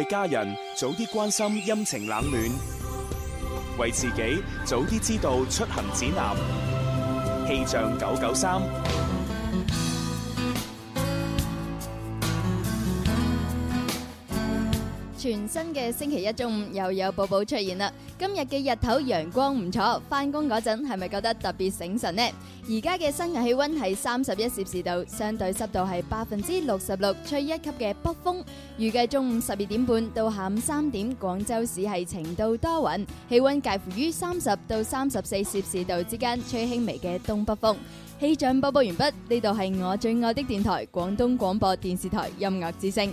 為家人早啲關心陰晴冷暖，為自己早啲知道出行指南。氣象九九三。全新嘅星期一中午又有播報出現啦！今日嘅日頭陽光唔錯，翻工嗰陣係咪覺得特別醒神呢？而家嘅今日氣溫係三十一攝氏度，相對濕度係百分之六十六，吹一級嘅北風。預計中午十二點半到下午三點，廣州市係晴到多雲，氣溫介乎於三十到三十四攝氏度之間，吹輕微嘅東北風。氣象播報完畢，呢度係我最愛的電台——廣東廣播電視台音樂之聲。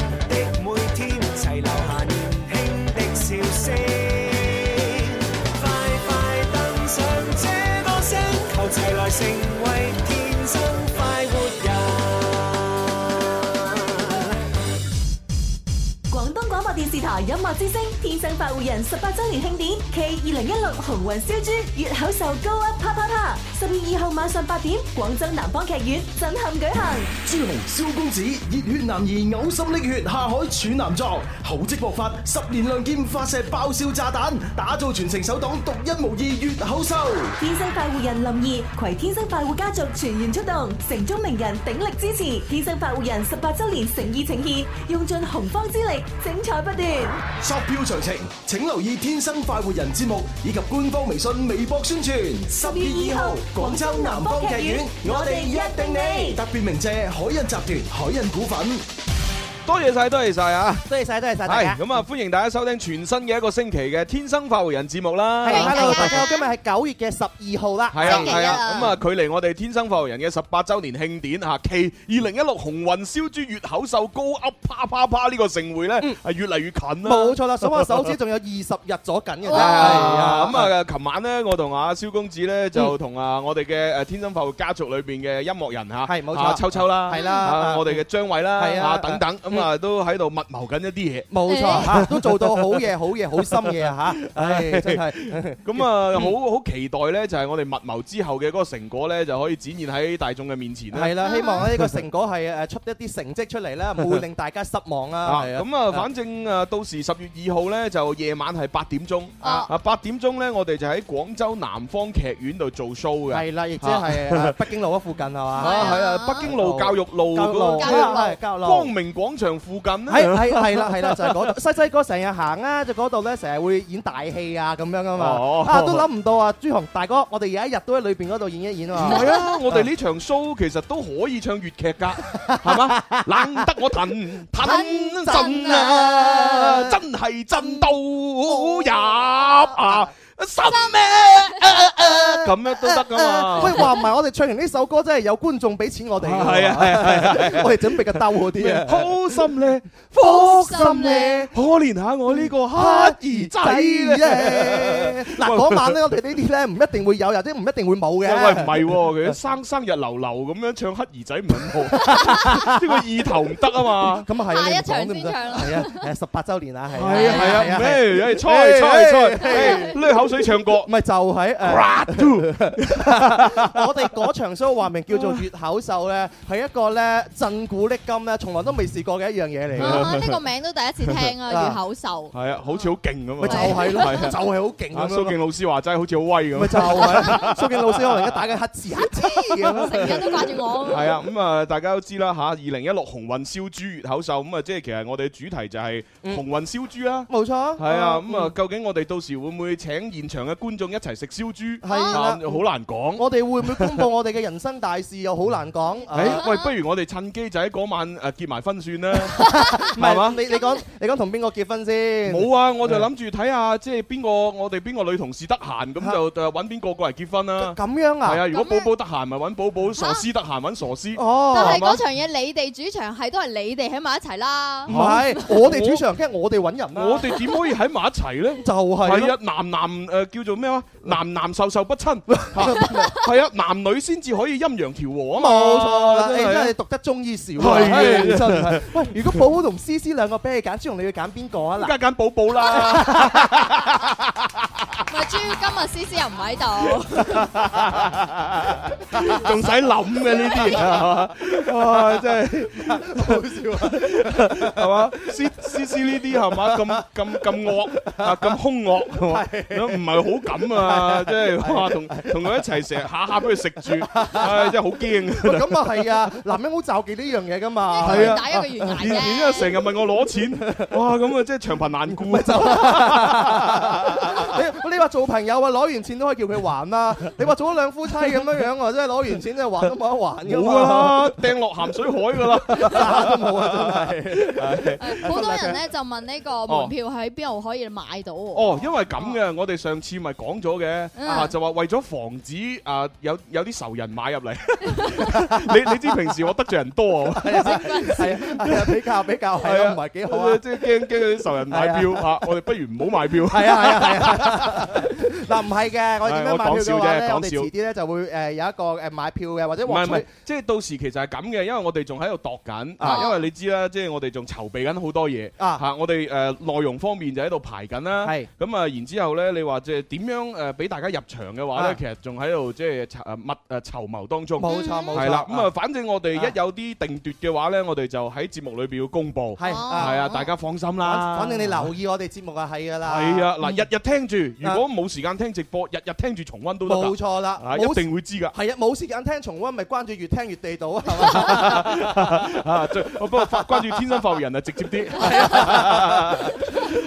音樂之聲。天生快活人十八周年慶典暨二零一六鴻運燒豬粵口秀高 up 啪啪啪，十月二號晚上八點，廣州南方劇院震撼舉行朱。朱紅蕭公子，熱血男兒嘔心瀝血下海處男作，厚積薄發十年亮劍發射爆笑炸彈，打造全城首檔獨一無二粵口秀。天生快活人林兒，攜天生快活家族全員出動，城中名人鼎力支持，天生快活人十八周年誠意呈現，用盡洪荒之力，精彩不斷。鈔票隨。請留意《天生快活人》節目以及官方微信、微博宣傳。十月二號，廣州南方劇院，我哋約定你。特別鳴謝海印集團、海印股份。多謝晒，多謝晒啊！多謝晒，多謝晒大家！咁啊，歡迎大家收聽全新嘅一個星期嘅《天生快活人》節目啦！係、Hello，大家好，今日係九月嘅十二號啦，係啊，係啊！咁啊，距離我哋《天生快活人》嘅十八周年慶典吓，其二零一六鴻運肖豬月口壽高 up 啪啪啪，啪這個呢個盛會咧，係、嗯啊、越嚟越近啦、啊！冇錯啦，數下手指而已而已，仲有二十日咗緊嘅。係啊！咁啊，琴、啊啊啊、晚咧，我同阿蕭公子咧，就同啊、嗯、我哋嘅誒《天生快活家族裏邊嘅音樂人吓、啊，係冇錯，秋秋啦、啊，係啦，我哋嘅張偉啦，啊等等。咁啊，都喺度密謀緊一啲嘢，冇錯嚇，都做到好嘢、好嘢、好深嘢啊嚇！唉，真係咁啊，好好期待咧，就係我哋密謀之後嘅嗰個成果咧，就可以展現喺大眾嘅面前啦。係啦，希望咧呢個成果係誒出一啲成績出嚟咧，唔會令大家失望啊！係啊，咁啊，反正啊，到時十月二號咧就夜晚係八點鐘啊，啊，八點鐘咧我哋就喺廣州南方劇院度做 show 嘅。係啦，亦即係北京路嗰附近係嘛？啊，係啊，北京路、教育路、光明廣。附近咧，係係係啦係啦，就係嗰度西西哥成日行啊，就嗰度咧成日會演大戲啊咁樣啊嘛，哇哦、啊都諗唔到啊！朱紅大哥，我哋有一日都喺裏邊嗰度演一演啊。唔係 啊，我哋呢場 show 其實都可以唱粵劇噶，係嘛？ 冷得我騰騰震啊，真係震到入、哦、啊！心咩、啊？咁、啊啊啊、樣都得噶嘛？喂、啊，話唔埋我哋唱完呢首歌，真係有觀眾俾錢我哋。係啊係啊係啊，啊啊啊啊啊 我哋準備個兜嗰啲啊。好心咧，咧，福心咧，可憐下我呢個乞兒仔嗱，嗰、啊啊嗯、晚咧，我哋呢啲咧唔一定會有，有啲唔一定會冇嘅。喂，唔係、啊，佢生生日流流咁樣唱乞兒仔唔好，呢 個 意頭唔得啊嘛。咁啊係，下一場先唔得？係 啊，十八周年啊，係啊係啊，咩？猜猜猜，口、啊。所以唱歌唔係就喺誒，我哋嗰場 show 個話名叫做粵口秀咧，係一個咧震古鑠今咧，從來都未試過嘅一樣嘢嚟嘅。啊，呢個名都第一次聽啊，粵口秀。係啊，好似好勁咁啊！就係咯，就係好勁啊！蘇敬老師話齋係好似好威咁。咪就係蘇敬老師可能一打緊乞嗤乞嗤，成日都掛住我。係啊，咁啊，大家都知啦吓，二零一六鴻運燒豬粵口秀咁啊，即係其實我哋嘅主題就係鴻運燒豬啦。冇錯。係啊，咁啊，究竟我哋到時會唔會請二現場嘅觀眾一齊食燒豬，係啦，好難講。我、啊、哋、啊嗯、會唔會公布我哋嘅人生大事又好、啊、難講。誒、啊，欸啊、喂，不如我哋趁機就喺嗰晚誒結埋婚算啦，係、啊、嘛？你你講你講同邊個結婚先？冇啊，啊，、嗯、啊，我就諗住睇下即係邊個我哋邊個女同事得閒，咁就就揾邊個過嚟結婚啦。咁、啊啊啊、樣啊？係啊，如果寶寶得閒咪揾寶寶，傻師得閒揾傻師。哦、啊啊，但係嗰場嘢你哋主場係都係你哋喺埋一齊啦。唔係，我哋主場梗係我哋揾人。我哋點可以喺埋一齊咧？就係係啊，男男。誒、呃、叫做咩話？男男授受、受不親，係 啊， 男女先至可以陰陽調和啊嘛。冇錯，你真係、欸、讀得中醫少係、啊、的的真係。 喂，如果寶寶同詩詩兩個俾你揀，之龍 你要揀邊個啊？嗱，梗係揀寶寶啦。 豬今日詩詩又唔喺度，仲使諗嘅呢啲啊？係嘛？哇，真係好笑啊，係嘛？詩詩詩呢啲係嘛？咁咁咁惡啊，咁凶惡，唔係好敢啊！真係哇，同同佢一齊成日下下俾佢食住，真係好驚。咁啊係啊，男人好妒忌呢樣嘢噶嘛。係啊，打一個原牌啊。然之後成日問我攞錢，哇，咁啊，即係長貧難顧啊。你你話？做朋友啊，攞完錢都可以叫佢還啦、啊。你話做咗兩夫妻咁樣樣啊，啊，啊， 啊，即係攞完錢即係還都冇得還嘅。冇 啊、哎，掟落咸水海噶啦，都冇啊，真係。好多人咧、哎哎哎哎、就問呢個門票喺邊度可以買到？哦，因為咁嘅、哦，我哋上次咪講咗嘅啊，就話為咗防止啊有有啲仇人買入嚟， 你你知平時我得罪人多啊，係 啊、哎，比較比較係啊，唔係幾好啊，即係驚驚啲仇人買票啊，我哋不如唔好買票。係啊，係啊，係啊。嗱唔係嘅，我哋點樣買票嘅話咧，我講笑啫。講笑。遲啲咧就會誒有一個誒買票嘅或者黃。唔係唔係，即係到時其實係咁嘅，因為我哋仲喺度度緊啊。因為你知啦，即係我哋仲籌備緊好多嘢啊嚇。我哋誒內容方面就喺度排緊啦。係。咁啊，然之後咧，你話即係點樣誒俾大家入場嘅話咧，其實仲喺度即係密誒籌謀當中。冇錯冇錯。係啦，咁啊，反正我哋一有啲定奪嘅話咧，我哋就喺節目裏邊要公佈。係。係啊，大家放心啦。反正你留意我哋節目啊，係㗎啦。係啊，嗱，日日聽住。如果冇時間聽直播，日日聽住重溫都得。冇錯啦，啊、一定會知㗎。係啊，冇時間聽重溫，咪關注越聽越地道啊！ 啊，啊，最不過、啊、關注天生快活人 是啊，直接啲。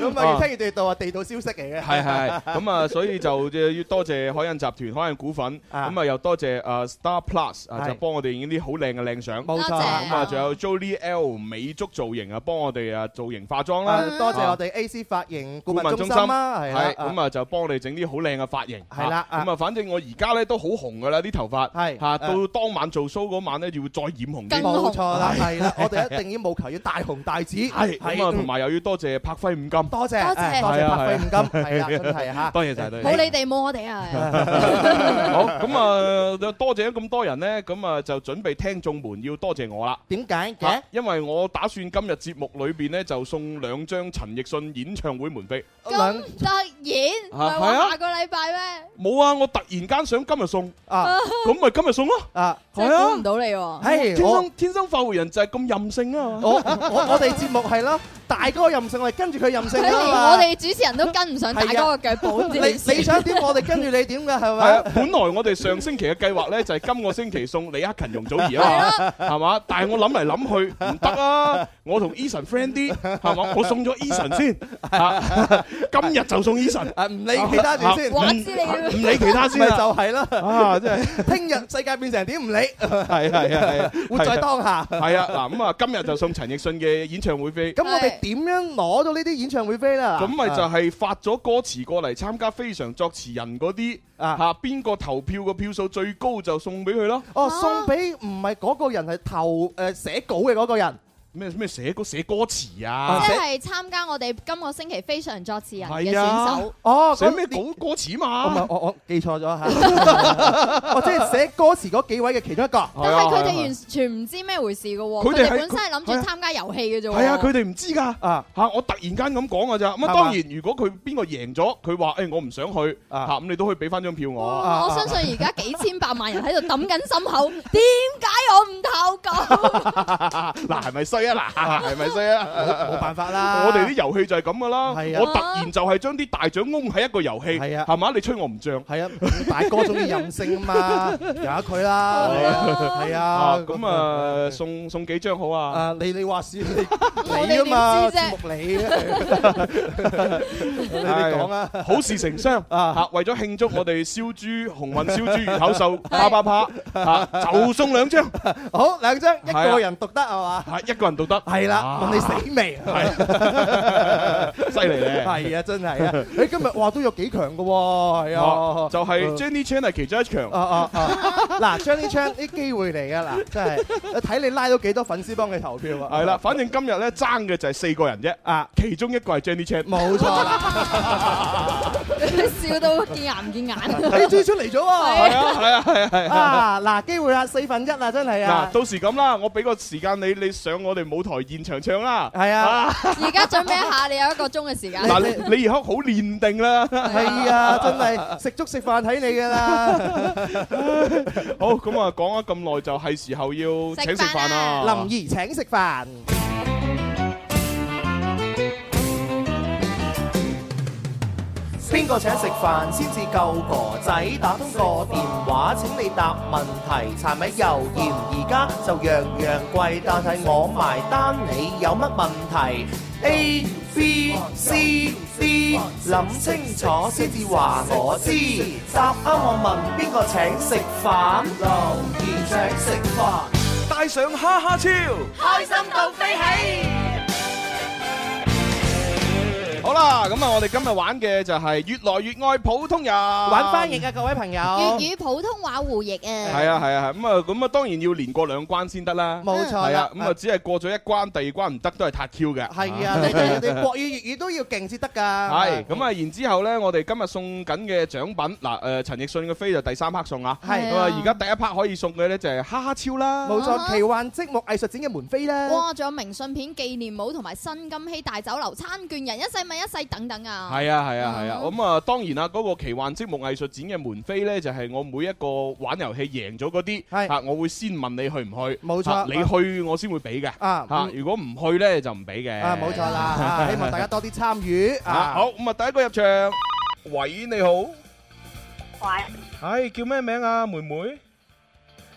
咁啊，啊越聽越地道啊，地道消息嚟嘅。係係。咁啊，啊，啊，所以就要多謝海印集團、 海印股份。咁啊，啊，又多謝啊 Star Plus 啊，就幫我哋影啲好靚嘅靚相。冇錯。咁啊，仲、啊、有 Jolie L 美足造型啊，幫我哋啊造型化妝啦、啊啊啊。多謝我哋 AC 髮型顧問中心啊，係啦。咁啊，啊啊就幫我哋整啲好靚嘅髮型係啦，咁啊，反正我而家咧都好紅噶啦，啲頭髮係吓到當晚做 show 嗰晚咧，要再染紅根毛，冇錯啦，係我哋一定要務求要大紅大紫，係咁啊，同埋又要多謝柏輝五金，多謝多謝多謝柏輝五金，係啊，係啊，多謝晒你，冇你哋冇我哋啊，好咁啊，多謝咁多人咧，咁啊就準備聽眾們要多謝我啦，點解嘅？因為我打算今日節目裏邊咧就送兩張陳奕迅演唱會門票，咁突然吓。是是下個禮拜咩？冇啊，啊，我突然間想今日送啊，咁咪今日送咯啊，估唔到你喎、啊。係、哎、天生我天生快活人就係咁任性啊！ 我我哋節目係咯。大哥任性，着他他我哋跟住佢任性啊，我哋主持人都跟唔上大哥嘅腳步、 啊，你想你想點，我哋跟住你點嘅係咪？係！本來我哋上星期嘅計劃咧，就係今個星期送李克勤、容祖兒啊嘛，係嘛？但係我諗嚟諗去唔得啊！我同 Eason friend 啲係嘛？我送咗 Eason 先、啊，今日就送 Eason、 啊。唔理其他住先，唔、啊啊啊、理其他先，咪、啊啊啊啊 啊、 就係啦！啊，真係！聽日世界變成點唔理，係係啊， 活在當下。係、嗯、 啊，嗱咁啊，今日就送陳奕迅嘅演唱會飛。咁 是、啊、 我哋。點樣攞到呢啲演唱會飛啦？咁咪就係發咗歌詞過嚟參加非常作詞人嗰啲吓，邊個投票嘅票數最高就送俾佢咯？哦，送俾唔係個人，係投誒呃、寫稿嘅個人。咩咩寫歌寫歌詞啊！即係參加我哋今個星期非常作詞人嘅選手哦，寫咩好歌詞嘛？我我，我記錯咗係，即係寫歌詞嗰幾位嘅其中一個，但係佢哋完全唔知咩回事噶，佢、啊、哋本身係諗住參加遊戲嘅啫，係啊，佢哋唔知噶吓，我突然間咁講噶咋？咁啊當然，如果佢邊個贏咗，佢話誒我唔想去吓，咁、啊啊啊、你都可以俾翻張票我、啊啊。我相信而家幾千百萬人喺度抌緊心口，點 解我唔投稿？嗱係咪衰？是啊嗱，係咪先啊？冇辦法啦，我哋啲遊戲就係咁噶啦。我突然就係將啲大獎擁喺一個遊戲，係啊，係嘛？你吹我唔漲，係啊，大哥中意任性啊嘛，由得佢啦。係啊，係啊。咁啊，送送幾張好啊？誒，你你話事，你理啊嘛？我意思啫，木理。你講啦，好事成雙啊！吓，為咗慶祝我哋燒豬，鴻運燒豬魚頭壽，啪啪啪吓，就送兩張，好兩張，一個人獨得係嘛？係一個人。都得，係啦，問你死未？係、啊，犀利咧！係啊，真係啊！誒、欸，你今日話都有幾強嘅，係啊，啊，就係、是、Jenny、呃、Chan 係其中一強。嗱、啊啊啊、 ，Jenny Chan 啲機會嚟嘅，嗱，真係睇你拉到幾多粉絲幫你投票啊！係啦，反正今日咧爭嘅就係四個人啫，啊，其中一個係 Jenny Chan，冇錯，啊啊、 你笑到見牙唔見眼的。你追出嚟咗喎，係啊，係啊，係啊，係嗱、啊，機、啊啊啊、會啊，四分一啊，真係啊！嗱，到時咁啦，我俾個時間你，你上我哋舞台現場唱啦，係啊！而家、啊、準備一下，你有一個鐘嘅時、時間。嗱 你， 你你而家好練定啦，係啊， 真係食粥食飯睇你㗎啦。 好，咁啊講咗咁耐，就係時候要請食飯啦。飯啊、林怡請食飯。邊個請食飯先至夠？哥仔打通個電話，請你答問題。柴米油鹽，而家就樣樣貴，但係我埋單。你有乜問題？A B C D，諗清楚先至話我知。答啱我問，邊個請食飯？龍言請食飯，帶上哈哈超，開心到飛起。好啦，咁啊，我哋今日玩嘅就係越來越愛普通人，玩翻譯嘅各位朋友，粵語普通話互譯啊，係啊係啊係，咁啊咁啊，當然要連過兩關先得啦，冇錯，係啊，咁啊，只係過咗一關，第二關唔得都係太 Q 嘅，係啊，你國語粵語都要勁先得㗎，係，咁啊，然之後咧，我哋今日送緊嘅獎品，嗱，誒，陳奕迅嘅飛就第三 part 送啊，係，咁啊，而家第一 part 可以送嘅咧就係哈哈超啦，冇錯，奇幻積木藝術展嘅門飛啦，哇，仲有明信片、紀念帽同埋新金禧大酒樓餐券，人一世咪，一世等等啊！係啊係啊係啊！咁啊，當然啦，嗰個奇幻積木藝術展嘅門飛咧，就係我每一個玩遊戲贏咗嗰啲，啊，我會先問你去唔去？冇錯，你去我先會俾嘅啊！吓，如果唔去咧就唔俾嘅啊！冇錯啦！啊，希望大家多啲參與啊！好，咁啊，第一個入場，喂，你好，喂，哎，叫咩名啊，妹妹？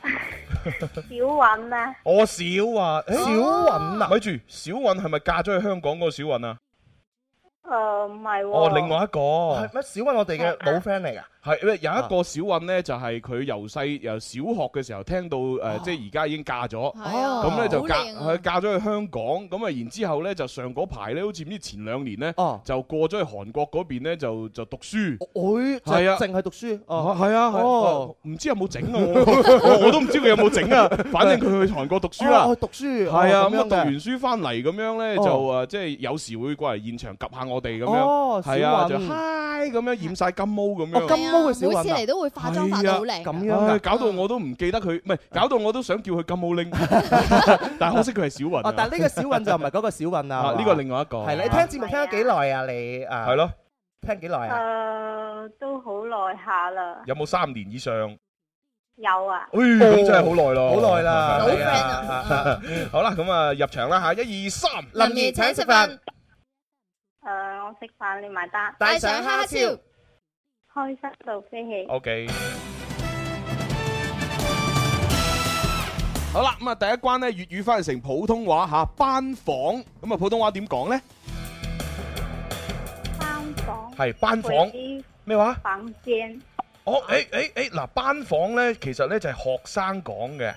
小雲啊？我小雲，小雲啊！咪住，小雲係咪嫁咗去香港嗰個小雲啊？誒，唔係喎。哦，另外一個係乜？小韻，我哋嘅老 friend 嚟噶。係，有一個小韻咧，就係佢由細由小學嘅時候聽到誒，uh. 即係而家已經嫁咗。咁、uh. 咧、哎、就嫁，係、啊、嫁咗去香港。咁啊，然之後咧就上嗰排咧，好似唔知前兩年咧，uh. 就過咗去韓國嗰邊咧，就就讀書。佢、uh. 係啊，淨係讀書。哦，係啊。哦，唔知有冇整啊？啊不有有啊 我都唔知佢有冇整啊。 反正佢去韓國讀書啊。Uh, 讀書。係啊，咁啊讀完書翻嚟咁樣咧，就誒，uh. 即係有時會過嚟現場及下我。我哋咁樣，哦，係啊，就嗨咁樣染曬金毛咁。哦，金毛嘅小雲啊，每次嚟都會化妝化到好靚，咁樣，搞到我都唔記得佢，唔係，搞到我都想叫佢金毛拎，但係可惜佢係小雲。哦，但係呢個小雲就唔係嗰個小雲啊，呢個另外一個。係啦，你聽節目聽咗幾耐啊？你啊，係咯，聽幾耐啊？誒，都好耐下啦。有冇三年以上？有啊。誒，真係好耐咯，好耐啦。好啦，咁啊，入場啦嚇，一二三，林怡請食飯。誒，我食飯你埋單。帶上哈殼，開塞道飛起。OK。好啦，咁啊第一關咧粵語翻譯成普通話吓，班房咁啊普通話點講咧？班房係班房咩話？房間。哦，誒誒誒，嗱班房咧其實咧就係學生講嘅。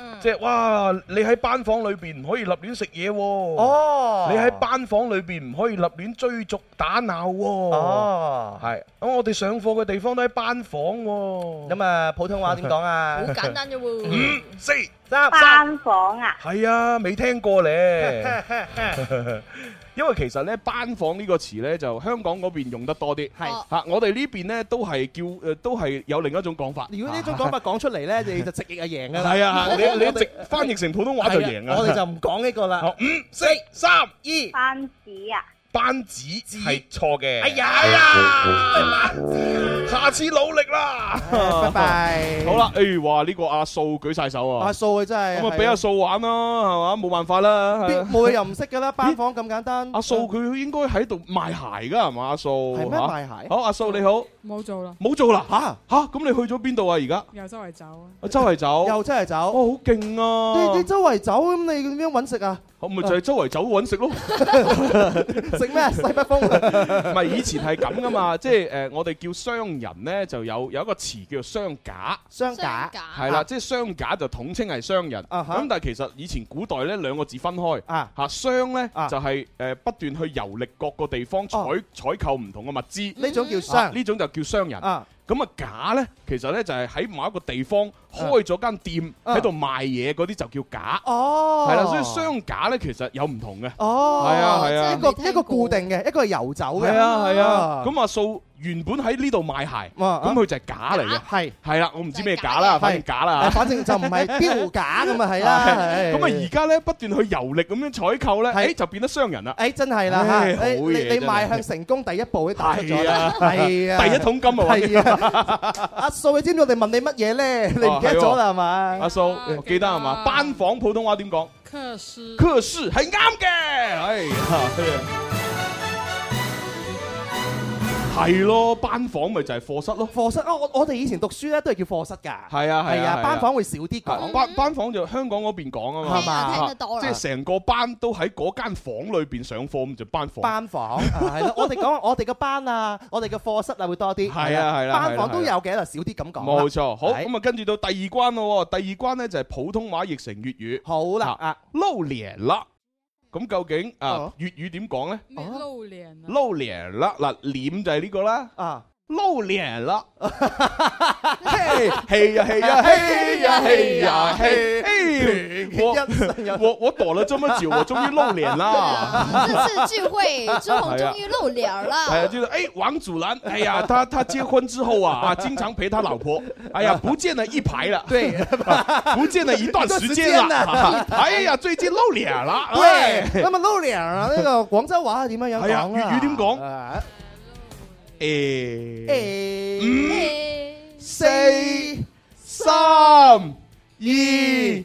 嗯、即係哇！你喺班房裏邊唔可以立亂食嘢喎。哦，哦你喺班房裏邊唔可以立亂追逐打鬧喎。哦，係咁、哦、我哋上課嘅地方都喺班房、哦。咁啊、嗯，普通話點講啊？好 簡單啫喎。嗯，三班房啊，係啊，未聽過咧。 因為其實咧，班房這個詞呢個詞咧，就香港嗰邊用得多啲。吓、啊，我哋呢邊咧都係叫，誒、呃，都係有另一種講法。如果呢種講法講出嚟咧， 你就直譯就贏噶啦。係啊，是啊，你你直翻譯成普通話就贏啊，啊。我哋就唔講呢個啦。五、四、三、二，班子啊！班子係錯嘅。哎呀哎呀，下次努力啦，拜拜。好啦，誒、哎，哇，呢個阿素舉晒手啊，阿素佢真係，咁啊，俾阿素玩啦，係嘛，冇辦法啦，冇嘢又唔識噶啦， 班房咁簡單。阿素佢應該喺度賣鞋噶，係、啊、嘛，阿素係咩賣鞋？好，阿素你好，冇做啦，冇做啦，吓、啊、吓，咁、啊、你去咗邊度啊？而家又周圍走啊，啊，周圍走，又周圍走，哦、好勁啊！你你周圍走，咁你點樣揾食啊？好咪就係周圍走揾食咯，食咩西北風？唔係以前係咁噶嘛，即係誒我哋叫商人呢，就有有一個詞叫做商賈，商賈係啦，即係商賈就統稱係商人。咁但係其實以前古代呢兩個字分開啊，吓，商呢就係誒不斷去遊歷各個地方採採購唔同嘅物資，呢種叫商，呢種就叫商人。咁啊賈呢，其實呢就係喺某一個地方。開咗間店喺度賣嘢嗰啲就叫假哦，係啦，所以商假咧其實有唔同嘅哦，係啊係啊，一個一個固定嘅，一個遊走嘅，係啊係啊。咁阿素原本喺呢度賣鞋，咁佢就係假嚟嘅，係係啦，我唔知咩假啦，反正假啦，反正就唔係標假咁啊，係啦，咁啊而家咧不斷去遊歷咁樣採購咧，誒就變得商人啦，誒真係啦吓，你你邁向成功第一步都大咗啦，係啊，第一桶金啊，阿素，你知唔知我哋問你乜嘢咧？係咗喇係咪？阿蘇，記得係嘛？班房普通話點講？課室，課室係啱嘅。哎呀！啊係咯，班房咪就係課室咯，課室啊，我我哋以前讀書咧都係叫課室噶。係啊係啊，啊，啊，班房會少啲講。班、嗯、班房就香港嗰邊講啊嘛，聽得多，即係成個班都喺嗰間房裏邊上課，咁就班房。班房係咯、 啊啊，我哋講我哋個班啊， 我哋嘅課室啊會多啲。係啊係啊，啊，啊。班房都有嘅啦、啊啊啊啊，少啲咁講。冇錯，好咁啊，就跟住到第二關咯。第二關咧就係普通話譯成粵語。好啦啊，撈臉啦。咁究竟啊，粵語點講咧？露臉。露臉啦！嗱，臉就係呢個啦。啊，露臉啦！嘿呀嘿呀嘿呀嘿呀嘿！我我我躲了這麼久， 我終於露臉了啊啊。這次聚會，之後，終於露臉了哎呀。哎呀，就是哎，王祖藍，哎呀，他他結婚之後啊啊， 經常陪他老婆。哎呀，不見了一排了，對，啊、 不見了一段時間了。間了 哎呀，最近露臉了。對，哎呀嗯、那麼露臉了、啊， 那個廣州話點麼樣？啊、哎呀，粵語點講？哎，五、哎嗯哎、四、三、三三一。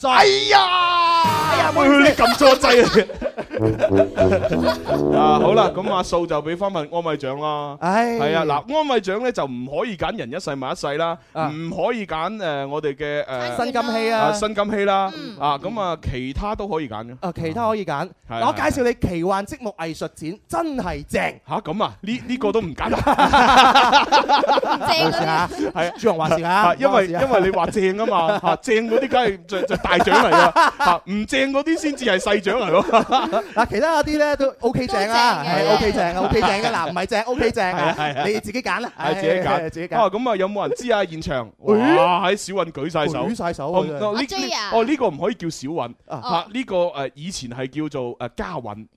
仔啊！唔好你撳錯仔啊！啊好啦，咁阿素就俾翻份安慰獎啦。唉，係啊，嗱，安慰獎咧就唔可以揀人一世物一世啦，唔可以揀誒我哋嘅誒新金希啊，新金希啦啊，咁啊其他都可以揀嘅。啊，其他可以揀，我介紹你奇幻積木藝術展，真係正嚇咁啊！呢呢個都唔揀正啊！係主人話事啦，因為因為你話正啊嘛嚇，正嗰啲梗係再再大。 大獎嚟噶，吓唔正嗰啲先至係細獎嚟咯。嗱， 其他嗰啲咧都 O、OK、K 正啦、啊，係 O K 正，O K 正嘅。嗱，唔係正 O K 正，係 係，OK OK 啊 啊啊，你自己揀啦，係自己揀，哎，自己揀。啊，咁啊有冇人知啊？現場，哇，喺，哎，小運舉晒手，哦，舉晒手呢，啊哦啊啊哦這個哦呢個唔可以叫小運吓，呢，啊啊這個誒以前係叫做誒家運。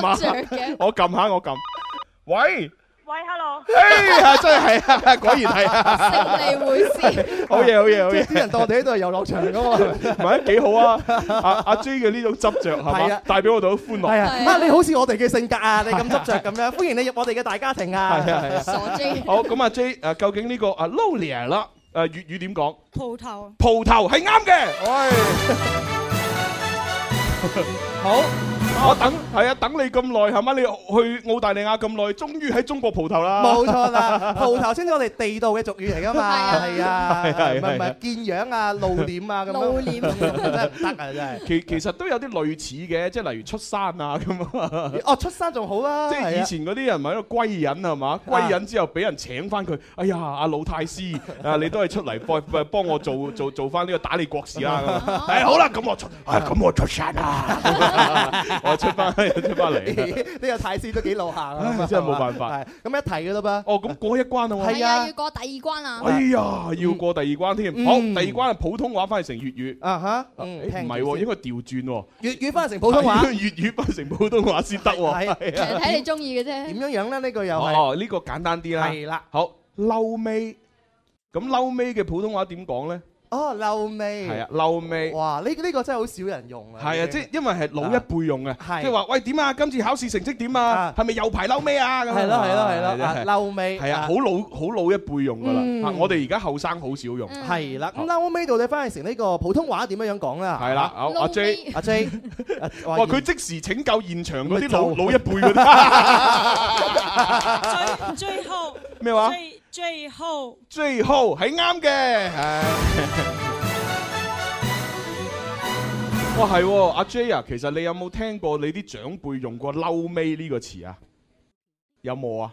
着嘅，我撳下我撳。喂喂，hello。哎呀，真係啊，果然係啊，勝利會師。好嘢，好嘢，好嘢。啲人當我哋喺度係遊樂場噶嘛，咪幾好啊？阿阿 J 嘅呢種執著係嘛，代表我哋好歡樂。係啊，你好似我哋嘅性格啊，你咁執著咁樣，歡迎你入我哋嘅大家庭啊！係啊係啊。傻 J。好，咁阿 J 誒，究竟呢個啊，Lolly 啊，誒粵語點講？蒲頭。蒲頭係啱嘅。喂。好。 我等係啊，等你咁耐係嘛？你去澳大利亞咁耐，終於喺中國蒲頭啦！冇錯啦，蒲頭先係我哋地道嘅俗語嚟㗎嘛？係、 哎、啊，係啊，唔係唔係見呀呀樣啊，露臉啊咁樣。露臉真係唔得啊！ 真係。其其實都有啲類似嘅，即係例如出山啊咁啊。哦，出山仲好啦、啊。即、就、係、是、以前嗰啲人咪一個歸隱係嘛？歸隱、啊啊啊、之後俾人請翻佢，哎呀，阿老太師 啊，你都係出嚟幫幫我做做做翻呢個打理國事啦、啊。係好啦，咁我出，咁我出山啦。出翻又出翻嚟，呢 個太師都幾老下啦，真係冇辦法。咁一提嘅啦噃。哦，咁過一關啊嘛。係啊，要過第二關啊。哎呀、嗯，要過第二關添。好、嗯哦，第二關係、嗯、普通話翻成粵語。啊、嗯、哈，唔係喎，應該調轉喎、哦。粵語翻成普通話。 粵語翻成普通話先得喎。係睇、啊、你中意嘅啫。點樣樣咧？呢、呢個又係。哦，呢、呢個簡單啲啦。係啦、啊。好，嬲尾。咁嬲尾嘅普通話點講咧？哦，溜尾，係啊，溜尾，哇！呢、這、呢、個這個真係好少人用啊。係啊，即係因為係老一輩用嘅、啊，即係話喂，點啊？今次考試成績點啊？係咪又排溜尾啊？咁係咯，係咯，係咯，溜尾，係啊，好、啊啊啊啊啊啊啊、老好老一輩用噶啦、嗯。我哋而家後生好少用。係、嗯、啦，咁溜尾到底翻去成呢個普通話點樣樣講啦？係啦、啊，阿、啊、J，阿、啊、J，哇、啊、佢 即時拯救現場嗰啲老老一輩嗰啲。所 最後咩話？最後，最後係啱嘅。係、哎、 哇，係阿 J 啊，其實你有冇聽過你啲長輩用過嬲尾呢個詞啊？有冇啊？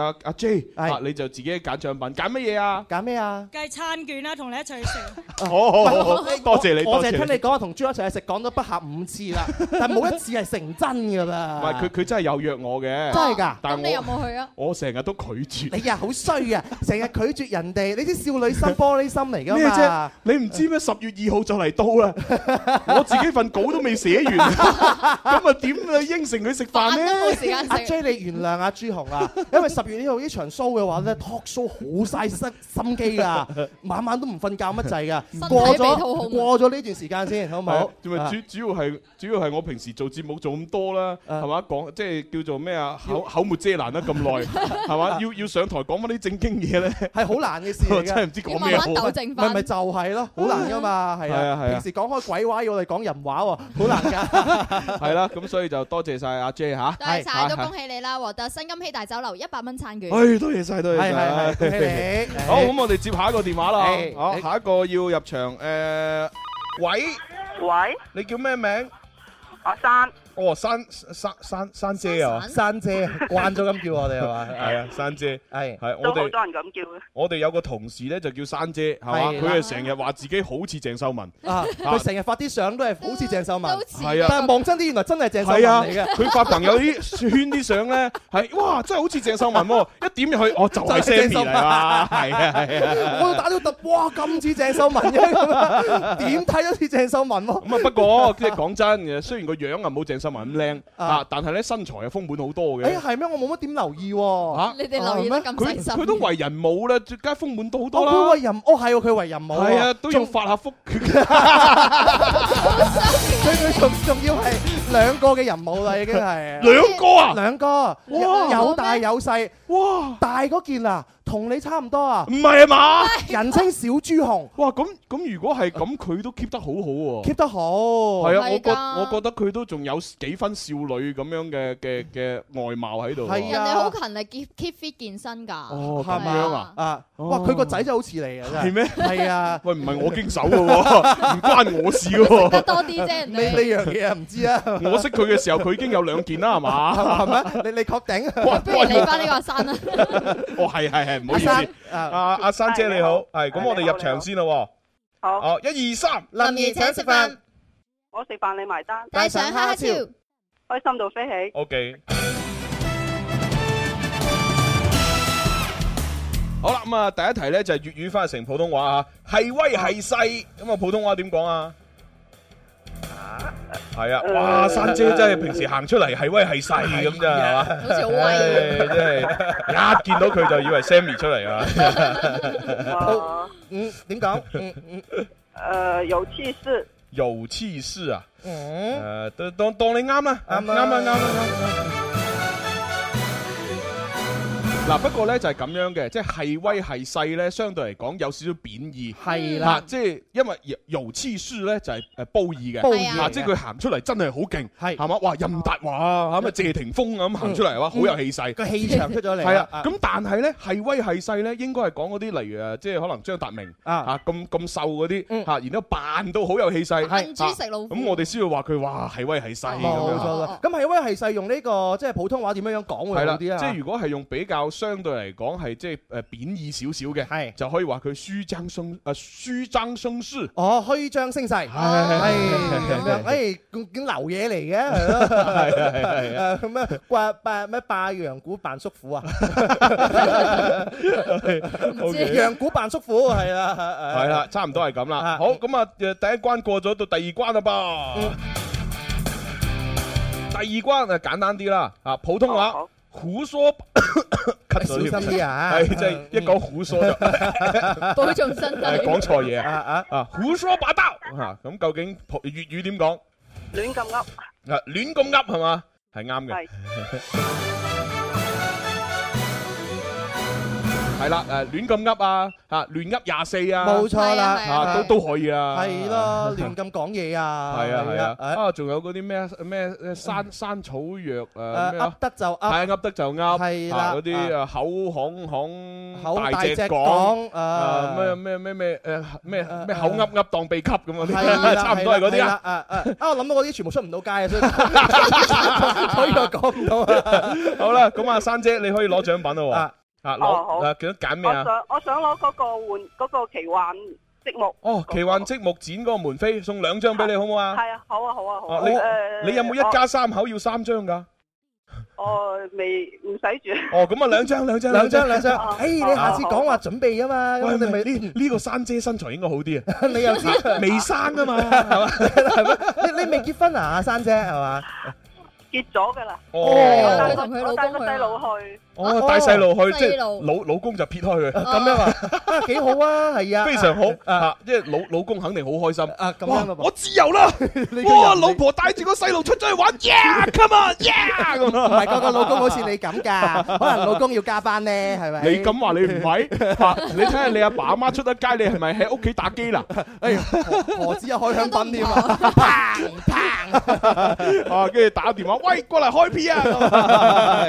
阿阿 J，你就自己揀獎品，揀乜嘢啊？揀咩啊？計餐券啦，同你一齊去食。好好好，多謝你。我淨係聽你講話同朱一齊去食，講咗不下五次啦，但冇一次係成真噶噃。唔係，佢佢真係有約我嘅。真係㗎。但你有冇去啊？我成日都拒絕。你呀，好衰呀，成日拒絕人哋。你啲少女心、玻璃心嚟㗎嘛？你唔知咩？十月二號就嚟到啦，我自己份稿都未寫完，咁啊點去應承佢食飯呢？冇時間食。阿 J，你原諒阿朱紅啊，因為十月。呢度呢場 show 嘅話咧，talk show 好嘥心心機㗎，晚晚都唔瞓覺乜滯㗎。過咗過咗呢段時間先，好唔好？仲咪主主要係主要係我平時做節目做咁多啦，係嘛？講即係叫做咩啊？口口沫遮攔得咁耐，係嘛？要要上台講翻啲正經嘢咧，係好難嘅事㗎。萬萬豆淨翻，咪咪就係咯，好難㗎嘛，係啊係啊。平時講開鬼話，要我哋講人話喎，好難㗎。係啦，咁所以就多謝晒阿 J 嚇，多謝晒，都恭喜你啦，獲得新金禧大酒樓一百蚊。哎，多謝曬，多謝曬，恭喜你。好，咁我哋接下一個電話啦。好，下一個要入場誒，喂喂，你叫咩名？阿生。哦，山山山山姐又，山姐慣咗咁叫我哋係嘛？係啊，山姐係係我哋好 多人咁叫。我哋有個同事咧就叫山姐，係嘛、啊？佢係成日話自己好似鄭秀文啊，佢成日發啲相都係好似鄭秀文，係啊，啊，啊。但係望真啲，原來真係鄭秀文嚟嘅。佢、啊、發朋友啲圈啲相咧，係哇，真係好似鄭秀文喎！一點入去，我就係鄭秀文，係啊係啊！啊啊 我都打咗突，哇，咁似鄭秀文嘅，點睇都似鄭秀文喎。咁 啊，不過即係講真嘅，雖然個樣啊冇鄭。身型咁靚啊！但係咧身材又豐滿好多嘅。哎，係咩？我冇乜點留意。吓，你哋留意咁細心。佢佢都為人母啦，梗係豐滿到好多啦。佢為人，哦係喎，佢為人母。係啊，都要發下福。佢佢仲仲要係兩個嘅人母啦，已經係。兩個啊？兩個。哇，有大有細。哇！大嗰件啊，同你差唔多啊，唔係啊嘛，人稱小豬熊。哇！咁咁如果係咁，佢都 keep 得好好、啊、喎。keep 得好，係啊！我覺我覺得佢都仲有幾分少女咁樣嘅嘅嘅外貌喺度。係啊，是的人哋好勤力，keep keep fit 健身㗎。哦，咁樣啊啊，啊！哇！佢個仔真好似你啊，真係。係咩？係啊！ 喂，唔係我經手嘅、啊、喎，唔、 啊、關我事嘅、啊、 得多啲啫、啊，你呢樣嘢啊，唔知啊。 我識佢嘅時候，佢已經有兩件啦，係嘛？係咪？你你確定、啊 啊？不如你翻呢個山。 哦，係係係，唔好意思。阿三、啊、阿山姐你好，係咁，我哋入場先咯。好，好，一二三，哦、1, 2, 3, 林兒請食飯，我食飯你埋單。帶上哈超，開心到飛起。O、okay、K。好啦，咁、嗯、啊，第一題咧就係粵語翻譯成普通話啊，係威係勢，咁啊，普通話點講啊？係啊，啊、呃，哇！山姐真係平時行出嚟係威係勢咁啫，係嘛、欸？真係 一見到佢就以為 Sammy 出嚟、呃嗯嗯嗯嗯呃、啊！嗯，點、嗯、講？誒，有氣勢，有氣勢啊！誒，當當你啱啊！啱啦，啦，啱啦，啱嗱、啊，不過咧就係、是、咁樣嘅，即係係威係勢咧，相對嚟講有少少貶義。係、嗯、啦、啊嗯啊，即係因為楊楊書呢咧就係誒褒義嘅，嗱、啊、即係佢行出嚟真係好勁，係係嘛？哇任達華啊咁啊謝霆鋒咁行出嚟哇、嗯，好有氣勢。個、嗯嗯嗯、氣場出咗嚟。係 啊，咁、啊啊、但係咧係威係勢咧，應該係講嗰啲例如、啊、即係可能張達明啊咁咁、啊、瘦嗰啲、嗯啊、然後扮到好有氣勢，扮咁我哋先會話佢話係威係勢咁樣。咁係威係勢用呢個即係普通話點樣講講會好啲啊？即係如果係用比較。啊相對嚟講係即係誒貶義少少嘅，係就可以話佢輸張松誒輸張生勢，哦，哦虛張聲勢。係係誒究竟流嘢嚟嘅，係係係誒咁樣掛咩霸楊虎扮叔父啊？唔、 okay，知楊虎扮叔父係啦，係啦，差唔多係咁啦。好咁啊，第一關過咗到第二關啦噃、嗯。第二關啊簡單啲啦，啊普通話。胡說，咳，小心啲啊！係真一講胡說嘅，保重身體。講錯嘢啊啊！胡說八道吓，咁究竟粵語點講？亂咁噏啊！亂咁噏係嘛？係啱嘅。係啦，誒，亂咁噏啊，吓，亂噏廿四啊，冇錯啦，吓，都都可以啊，係咯，亂咁講嘢啊，係啊係啊，啊，仲有嗰啲咩咩山山草藥誒，噏得就噏，係啊，噏得就噏，係啦，嗰啲啊口響響大隻講，誒，咩咩咩咩誒咩咩口噏噏當秘笈咁嗰啲，係啦係啦，差唔多係嗰啲啦，啊啊，啊我諗到嗰啲全部出唔到街啊，所以我講唔到啊。好啦，咁啊，珊姐你可以攞獎品啦。啊攞啊！想揀咩啊？我想我想攞嗰個換嗰個奇幻積木。哦，奇幻積木展嗰個門扉，送兩張俾你，好唔好啊？係啊，好啊，好啊，好啊！你你有冇一家三口要三張噶？哦未唔使住。哦，咁啊，兩張，兩張，兩張，兩張。哎，你下次講話準備啊嘛？喂你咪呢呢個山姐身材應該好啲啊？你又知未生啊嘛？係嘛？係咩？你你未結婚啊？山姐係嘛？結咗噶啦！我帶個我帶個細路去。帶細路去，即係老老公就撇開佢，咁、哦、樣啊，幾 好啊，係啊，非常好啊，即係老老公肯定好開心啊，咁我自由啦， 哇，老婆帶住個細路出咗去玩 ，yeah，come on，yeah，唔係個個老公好似你咁噶， 可能老公要加班咧，係咪？你咁話你唔係， 你睇下你阿爸阿媽出得街，你係咪喺屋企打機啦？哎呀，何止有開香檳添啊，嘭嘭，啊，跟住打電話，喂，過嚟開 P 啊。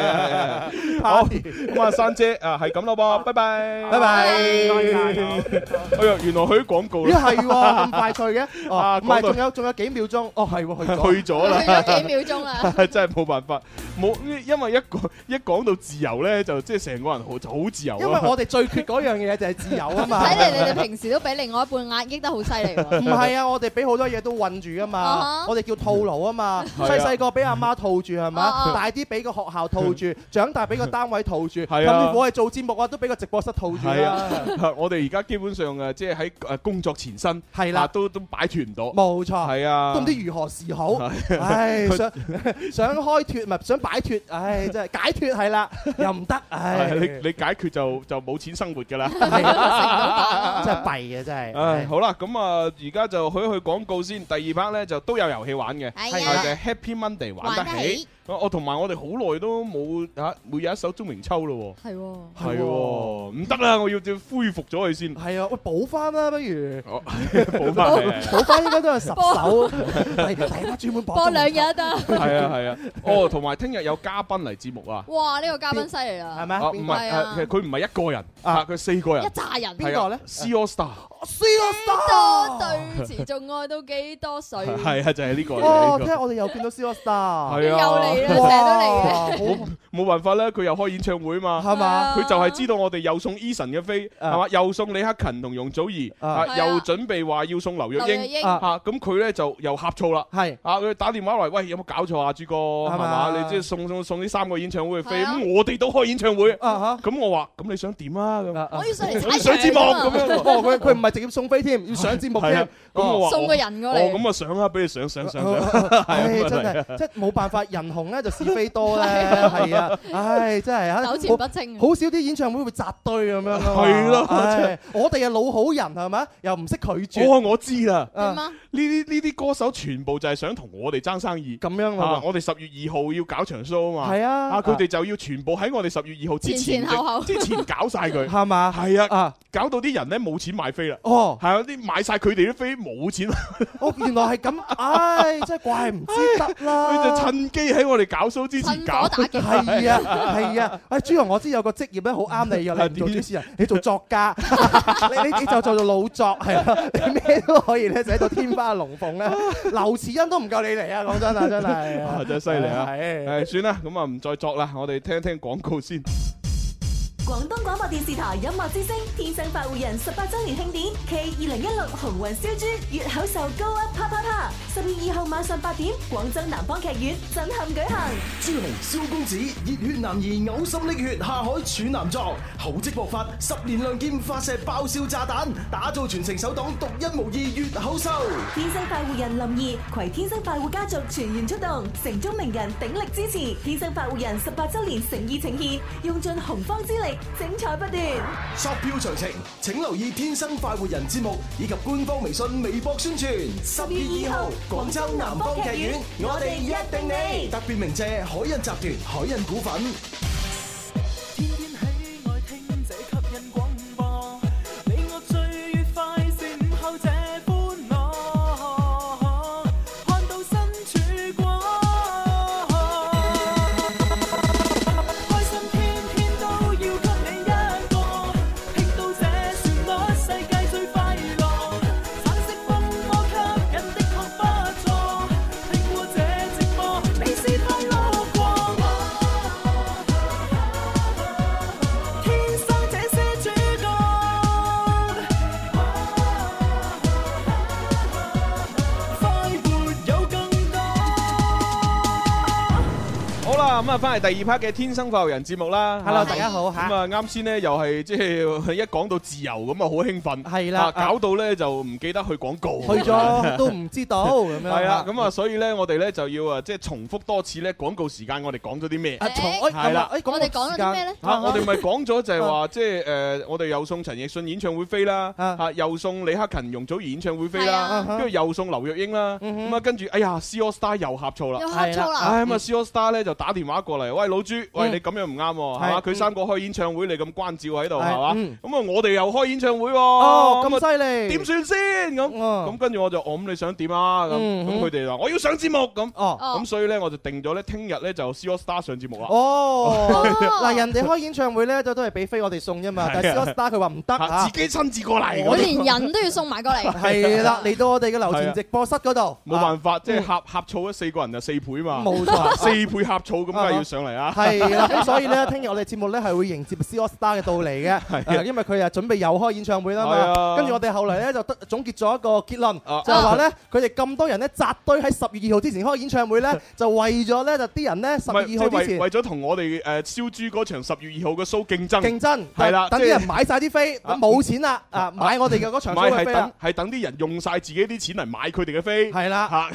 哎 咁啊，珊姐啊，係咁咯噃，拜拜，拜拜。哎呀，原來佢去廣告啦，係喎，咁快脆嘅？唔係，仲有仲有幾秒鐘，哦係去去咗啦，仲有幾秒鐘啦，真係冇辦法，冇，因為一個一講到自由咧，就即係成個人好好自由。因為我哋最缺嗰樣嘢就係自由啊嘛。睇嚟你哋平時都俾另外一半壓抑得好犀利喎。唔係啊，我哋俾好多嘢都困住噶嘛，我哋叫套路啊嘛。細細個俾阿媽套住係嘛，大啲俾個學校套住，長大俾個單。三位套住，咁我係做節目啊，都俾個直播室套住啊！我哋而家基本上誒，即係喺誒工作前身，係啦，都都擺脱唔到，冇錯，係啊，都唔知如何是好，唉，想想開脱唔係想擺脱，唉，真係解脱係啦，又唔得，唉，你你解決就就冇錢生活噶啦，真係弊嘅真係。誒，好啦，咁啊，而家就去一去廣告先，第二 part 咧就都有遊戲玩嘅，係啊，就 Happy Monday 玩得起。哦、我同埋我哋好耐都冇嚇，沒有每日一首《鐘明秋》咯喎、哦，係喎、哦，唔得啦，我要要恢復咗佢先。係啊，喂，補翻啦不如補，哦、 補翻回， 是啊、 補翻應該都有十首，係 啊，補。播兩日得。係啊係啊， 哦，同埋聽日有嘉賓嚟節目啊！哇，呢、這個嘉賓犀利啊！係咪？唔係、啊，佢唔係一個人啊，佢四個人。一揸人。邊個咧？C All Star。C All Star 對詞仲、啊、愛到幾多歲？係、啊、係、啊、就係、是、呢個，啊啊這個。哦，聽日我哋又見到 C All Star。係啊。這個啊啊佢成日都嚟，冇冇 辦法啦。佢又開演唱會嘛，係嘛？佢、啊、就係知道我哋又送 Eason 嘅飛，係、啊、嘛？又送李克勤同容祖兒，啊，啊又準備話要送劉若英，嚇咁佢咧就又呷醋啦，係啊！佢打電話嚟，喂，有冇搞錯啊？朱哥，係嘛？你即係送送送呢三個演唱會嘅飛，咁、啊、我哋都開演唱會咁、啊啊、我話，咁你想點啊？咁我要上，我上節目咁樣。佢佢唔係直接送飛添， 要上節目。係咁我送個人過嚟。哦，咁啊上啊，俾你上上上啦。真係即係冇辦法，人、嗯嗯嗯咧就是非多咧，係 啊，唉、啊 哎，真係糾纏不清。好少啲演唱會會紮堆咁樣咯，係咯、啊哎，我哋嘅老好人係咪又唔識拒絕？哦，我知啦。點啊？呢啲呢啲歌手全部就係想同我哋爭生意。咁樣係咪們是啊？我哋十月二號要搞場 show 啊嘛。係啊。啊，佢哋就要全部喺我哋十月二號之前，前前後後之前搞晒佢。係 嘛？係啊，啊，搞到啲人咧冇錢買飛啦。哦，係啊，啲買晒佢哋啲飛冇錢。哦， 原來係咁。唉、哎，真係怪唔之得啦。哎、佢就趁機喺，我哋搞 show 之前搞，係 啊，係啊！哎，朱紅，我知有個職業咧好啱你嘅，你做主持人，你做作家， 你你就做做老作，係啊！你咩都可以咧，寫到天花龍鳳咧，劉慈欣都唔夠你嚟啊！講真 啊，真係真係犀利啊！係、啊，係算啦，咁啊唔再作啦，我哋聽一聽廣告先。廣東廣播電視台音樂之聲天生快活人十八周年慶典，暨二零一六鴻運肖豬粵口秀高 up 啪啪啪，十月二號晚上八點，廣州南方劇院震撼舉行。朱紅肖公子，熱血男兒嘔心瀝血下海處男作，厚積薄發十年亮劍發射爆笑炸彈，打造全城首檔獨一無二粵口秀。天生快活人林兒，攜天生快活家族全員出動，城中名人鼎力支持，天生快活人十八周年誠意呈現，用盡洪荒之力。精彩不斷，索票詳情請留意《天生快活人》節目以及官方微信、微博宣傳。十月二號，廣州南方劇院，我哋約定你。特別鳴謝海印集團、海印股份。翻嚟第二 part 嘅天生快活人節目啦，Hello、啊、大家好嚇。咁啊，啱先咧又係即係一講到自由咁啊，好興奮，係啦、啊，搞到咧就唔記得去廣告，去咗、啊、都唔知道咁樣。係啊，咁啊、嗯嗯，所以咧我哋咧就要啊即係重複多次咧廣告時間，我哋講咗啲咩？啊，重，哎、啦，欸、我哋講咗啲咩咧？嚇、啊，我哋咪講咗就係話即係誒，我哋又送陳奕迅演唱會飛啦，嚇，又送李克勤容祖兒演唱會飛啦，跟住又送劉若英啦。咁啊，跟住哎呀，C All Star 又合錯啦，係、啊、啦，唉咁啊，C All Star 咧就打電話。啊啊過嚟，喂，老朱，嗯、喂，你咁樣唔啱，啊，係嘛？佢三個開演唱會，嗯、你咁關照喺度，係嘛？咁啊，嗯、我哋又開演唱會，哦，咁啊犀利，點算先咁？咁跟住我就，我諗你想點啊？咁咁佢哋話我要上節目咁，哦，咁所以咧我就定咗咧，聽日咧就《C All Star》上節目啊。哦，嗱，人哋開演唱會咧都都係俾飛我哋送啫嘛，但《C All Star》佢話唔得，自己親自過嚟，我連人都要送埋過嚟、啊啊啊，係啦，嚟到我哋嘅流程直播室嗰度，冇、啊啊、辦法，即係合合湊四個人就四倍啊嘛，冇錯，四倍合湊咁要上嚟啊！ 係啦，咁所以咧，聽日我哋節目咧係會迎接 COSSTAR 嘅到嚟嘅，係因為佢啊準備又開演唱會啦嘛。啊、跟住我哋後嚟咧就得總結咗一個結論，啊、就係話咧佢哋咁多人咧扎堆喺十月二號之前開演唱會咧，就為咗咧就啲人咧十月二號之前，為咗同我哋誒燒豬嗰場十月二號嘅 show 競爭，競爭係啦，等啲人買晒啲飛，冇錢啦啊，買我哋嘅嗰場 show 嘅飛係等啲人用晒自己啲錢嚟買佢哋嘅飛，係啦嚇，啊、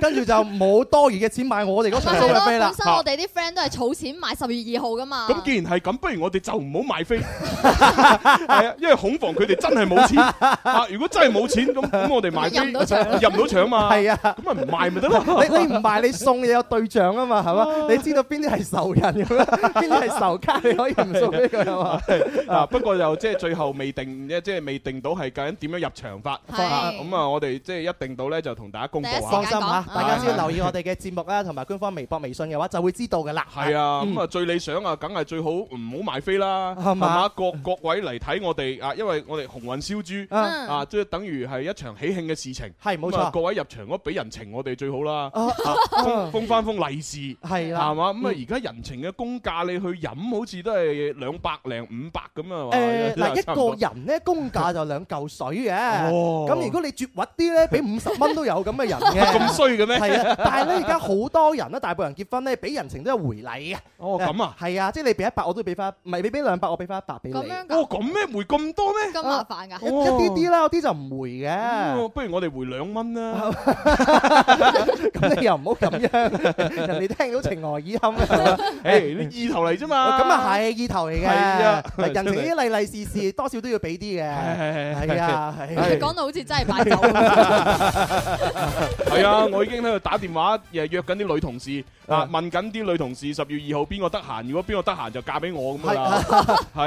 跟住就冇多餘嘅錢買我哋嗰場 show 嘅飛啦。啊 friend 都係儲錢買十月二號噶嘛？咁既然係咁，不如我哋就唔好買飛，啊， 因為恐防佢哋真係冇錢 啊！如果真係冇錢，咁咁我哋買 入唔到場，入唔到場嘛？係啊，咁咪唔賣咪得咯？你你唔賣，你送嘢有對象啊嘛？係、啊、嘛？你知道邊啲係仇人，邊啲係仇家，你可以唔送俾佢嘛？啊，啊，啊，啊，啊，啊，啊，不過又即係最後未定，即係未定到係究竟點樣入場法。咁啊，啊我哋即係一定到咧，就同大家公佈放心啊，啊大家只要留意我哋嘅節目啦，同埋官方微博、微信嘅話，就會知道。嘅係啊，咁、嗯、啊最理想啊，梗係最好唔好買飛啦，係嘛，各各位嚟睇我哋啊，因為我哋鴻運燒豬、嗯、啊，即係等於係一場喜慶嘅事情，係冇錯，各位入場嗰俾人情我哋最好啦、啊啊，封返翻封利、啊、是，係啦，係、嗯、嘛，咁啊而家人情嘅公價你去飲好似都係兩百零五百咁啊，嗱一個人咧公價就兩嚿水嘅。咁 如果你絕核啲咧，俾五十蚊都有咁嘅人嘅，咁衰嘅咩？係啊，但係咧而家好多人咧，大部分人結婚咧俾人情都。即係回禮啊！哦，咁啊，係啊，即係你俾一百，我都俾翻；唔係你俾兩百，我俾翻一百俾你。咁樣噶？哦，咁咩回咁多咩？咁麻煩噶？一啲啲啦，有啲就唔回嘅。不如我哋回兩蚊啦。咁你又唔好咁樣，人哋聽到情何以堪啊？誒，啲意頭嚟啫嘛。咁啊係意頭嚟嘅。係啊，人哋啲利利是是，多少都要俾啲嘅。係係係。係啊，講到好似真係擺酒。係啊，我已經喺度打電話，誒約緊啲女同事啊，問緊啲女。同事十月二號邊個得閒？如果邊個得閒就嫁俾我咁 啊！係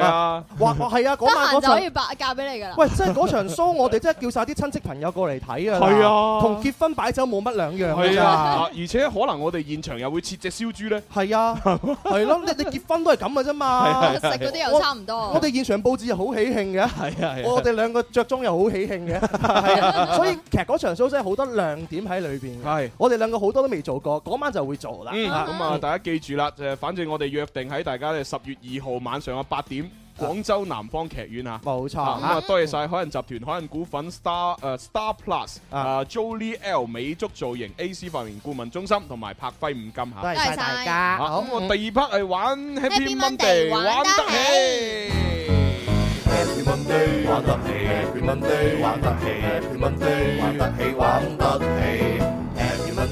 啊，哇，係啊，嗰晚我就可以嫁俾你噶啦。喂，真係嗰場 show 我哋真係叫晒啲親戚朋友過嚟睇啊！係啊，同結婚擺酒冇乜兩樣啊！啊，而且可能我哋現場又會切隻燒豬咧。係啊，係咯、啊啊，你你結婚都係咁嘅啫嘛，食嗰啲又差唔多。我哋現場佈置又好喜慶嘅，係啊，啊，我哋兩個着裝又好喜慶嘅，所以其實嗰場 show 真係好多亮點喺裏邊。係、啊啊，我哋兩個好多都未做過，嗰晚就會做啦。咁啊，大家記住啦，誒，反正我哋約定喺大家嘅十月二號晚上嘅八點，廣州南方劇院啊，冇錯。咁、嗯、啊，多謝晒海印集團海印股份、Star 誒、uh, Star Plus、嗯、啊、uh, Jolie L 美足造型、AC 發明顧問中心，同埋柏輝五金嚇。多謝大家。好，咁、嗯、我、嗯、第二 part 係玩 Happy Monday，玩得起。Happy Monday，玩得起。Happy Monday，玩得起。Happy Monday，玩得起，玩得起。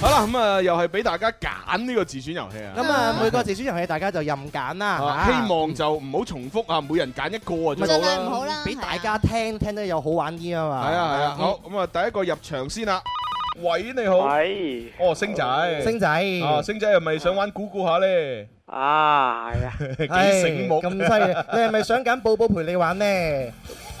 好啦，咁啊，又係俾大家揀呢個自選遊戲啊！咁啊，每個自選遊戲大家就任揀啦。希望就唔好重複啊，每人揀一個啊，最好。唔好啦，俾大家聽，聽得又好玩啲啊嘛。係啊係啊，好咁啊，第一個入場先啦。喂，你好。喂。哦，星仔。星仔。哦，星仔又咪想玩估估下咧？啊，係啊。幾醒目。咁犀利！你係咪想揀寶寶陪你玩咧？誒，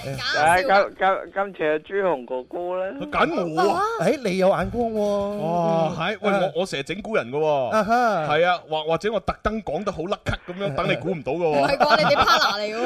今今今次阿朱紅哥哥咧，佢揀我、啊，誒、哎，你有眼光喎、啊啊，哇、嗯，係，喂，我我成日整蠱人嘅、啊，係啊，啊，或或者我特登講得好甩咳咁樣，等你估唔到嘅、啊，係講你哋 partner 嚟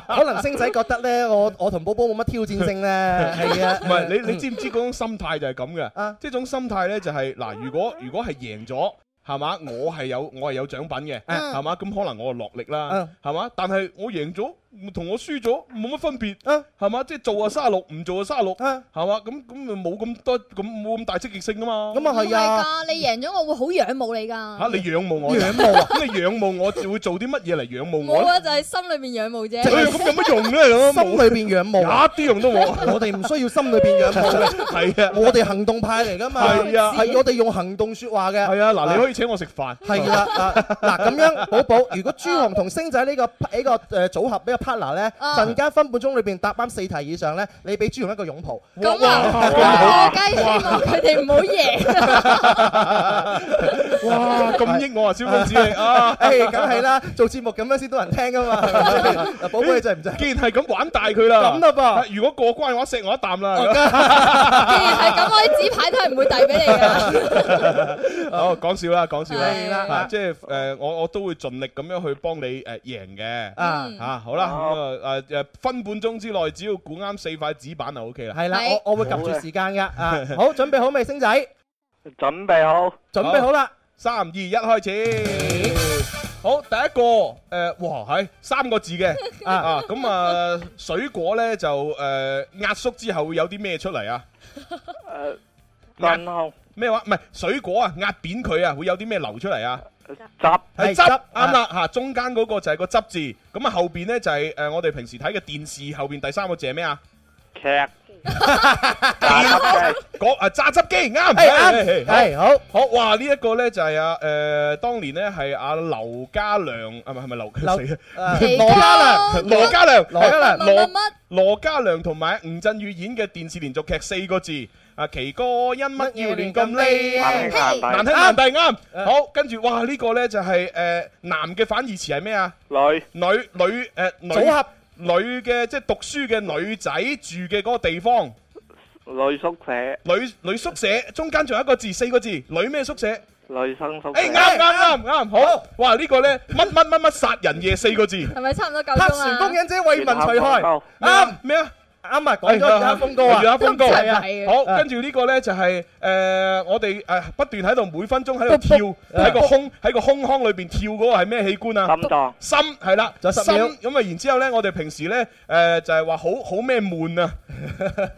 嘅，可能星仔覺得咧，我我同波波冇乜挑戰性咧，係啊，唔係，你你知唔知嗰種心態就係咁嘅，啊，即係種心態咧就係嗱、啊就是，如果如果係贏咗，係嘛，我係有我係有獎品嘅，係、啊、嘛，咁可能我就落力啦，係嘛，但係我贏咗。同我輸咗冇乜分別啊，係嘛？即係做, 36, 唔做 36, 啊三六，唔做啊三六，係嘛？咁咁冇咁多，咁冇咁大積極性啊嘛。咁啊係、oh、啊，你贏咗我會好仰慕你㗎。嚇你仰慕我？仰慕啊？咁 你仰慕我，就會做啲乜嘢嚟仰慕我？冇啊，就係、是、心裏邊仰慕啫。咁、 欸、有乜用咧？心裏邊仰慕，一 啲、啊、用都冇。 我哋唔需要心裏邊仰慕，係啊，我哋行動派嚟㗎嘛。係 是啊，係 我哋用行動説話嘅。係 啊，嗱，你可以請我食飯。係 啦、 啊，嗱，咁樣寶寶，如果朱紅同星仔呢個呢個誒組合比較。哈！嗱咧，陣間分半鐘裏邊答啱四題以上咧，你俾朱融一個擁抱。咁啊，梗係希望佢哋唔好贏。哇！咁益我啊，小公子啊！誒，梗係啦，做節目咁樣先多人聽啊嘛。寶貝，你制唔制？既然係咁，玩大佢啦，咁啦噃！如果過關嘅話，錫我一啖啦。既然係咁，我啲紙牌都係唔會遞俾你嘅。哦，講笑啦，講笑啦。係啦，即係誒，我我都會盡力咁樣去幫你誒贏嘅。啊，嚇！好啦。咁啊誒誒，分半鐘之內，只要估啱四塊紙板就 O K 啦。係啦，我我會撳住時間噶。啊，好，準備好未，星仔？準備好，準備好啦！三二一，開始。好，第一個誒，哇，係三個字嘅啊。咁啊，水果咧就誒，壓縮之後會有啲咩出嚟啊？誒，壓咩話？唔係水果啊，壓扁佢啊，會有啲咩流出嚟啊？汁，係汁，啱啦吓，中間嗰個就係個汁字。咁啊後邊咧就係誒我哋平時睇嘅電視後邊第三個字係咩啊？劇機，嗰啊，榨汁機啱，係好好哇！呢、這、一個咧就係阿誒當年咧係阿劉家良啊，係咪劉劉家良？羅、啊、家良，羅家良，羅家良，羅家良同埋吳鎮宇演嘅電視連續劇四個字。阿奇哥，因乜要亂咁嚟？難聽難大，啱。好，跟住哇呢、這個咧就係、是、誒、呃、男嘅反義詞係咩啊？女女、呃、女誒組合，女嘅即係讀書嘅女仔住嘅嗰個地方。女宿舍。女女宿舍，中間仲有一個字，四個字，女咩宿舍？女生宿舍。啱啱啱啱，好。哇、這個、呢個咧乜乜乜乜殺人嘢四個字。係咪差唔多夠鐘啊？黑船人者為民除害。啱咩啊？啱啊，講咗餘下風歌啊，餘下風歌，好，跟住呢個咧就係誒我哋誒不斷喺度每分鐘喺度跳喺個胸喺個胸腔裏邊跳嗰個係咩器官啊？心，心係啦，就心。咁啊，然之後咧，我哋平時咧誒就係話好好咩悶啊？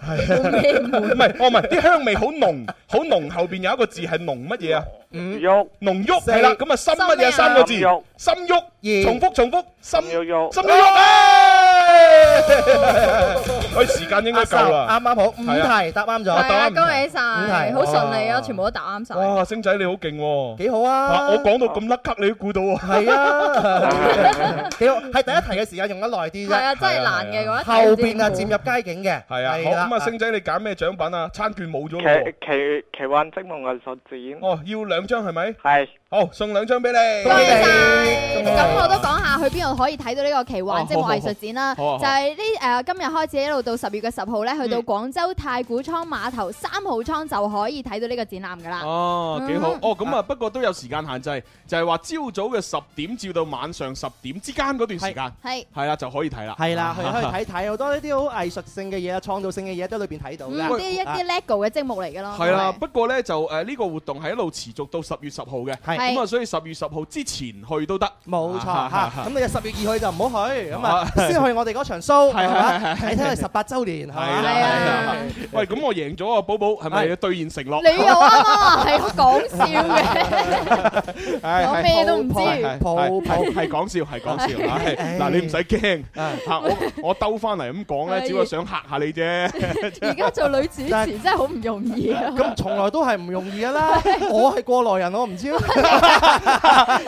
係啊，唔係，哦唔係，啲香味好濃，好濃，後邊有一個字係濃乜嘢啊？嗯，郁濃郁係啦，咁啊，深乜嘢三個字？深郁，重複重複，深郁，深郁啊！喂時間應該夠啦，啱啱好。五題答啱咗，係啊，恭喜晒，五題好順利啊，全部都答啱晒。哇，星仔你好勁，幾好啊！我講到咁甩級，你都估到啊？係啊，幾好。係第一題嘅時間用得耐啲啫，係啊，真係難嘅。嗰後邊啊，漸入佳境嘅，係啊。好咁啊，星仔你揀咩獎品啊？餐券冇咗。奇奇奇幻積木藝術展哦，要兩。兩張係咪？係。好，送兩張俾你。多謝，謝晒。咁我都講下，去邊度可以睇到呢個奇幻積木藝術展啦，啊？就係呢誒今日開始一路到十月嘅十號咧，去到廣州太古倉碼頭三號倉就可以睇到呢個展覽噶啦，嗯。哦，幾好。哦，咁啊，不過都有時間限制，就係話朝早嘅十點至到晚上十點之間嗰段時間，係係啦就可以睇啦。係啦，去去睇睇好多呢啲好藝術性嘅嘢啊，創造性嘅嘢都喺裏邊睇到。嗯，啲、啊、一啲 lego 嘅積木嚟噶咯。係啦，不過咧就誒呢、呃呢個活動係一路持續到十月十號嘅。咁啊，所以十月十號之前去都得，冇錯嚇。咁你十月二號去就唔好去，咁啊先去我哋嗰場 show，係咪啊？睇睇佢十八週年，係啊。喂，咁我贏咗啊，寶寶，係咪要兌現承諾？你又啱啊，係講笑嘅，我咩都唔知，寶寶，係係講笑，係講笑。嗱，你唔使驚，嚇我我兜翻嚟咁講咧，只係想嚇下你啫。而家做女主持真係好唔容易啊！咁從來都係唔容易嘅啦，我係過來人，我唔知。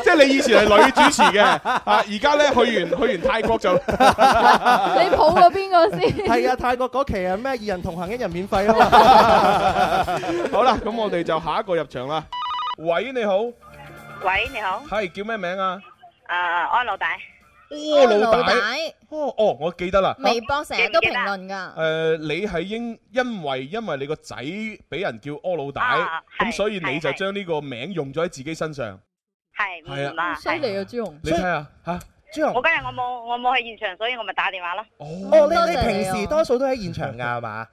即係你以前係女主持嘅啊，而家咧去完去完泰國就你抱過邊個先？係啊，泰國嗰期係咩？二人同行，一人免費咯。好啦，咁我哋就下一個入場啦。喂，你好。喂，你好。係叫咩名啊？啊，安老大。柯老大，哦哦，我記得啦。微博成日都評論噶。誒、啊，你係因因為因為你個仔俾人叫柯老大」啊，咁所以你就將呢個名用咗喺自己身上。係，係啊，犀利啊，朱紅。你睇下，嚇。朱紅，我今日我冇我冇喺現場，所以我咪打電話咯。哦、oh，你你平時多數都喺現場噶係嘛？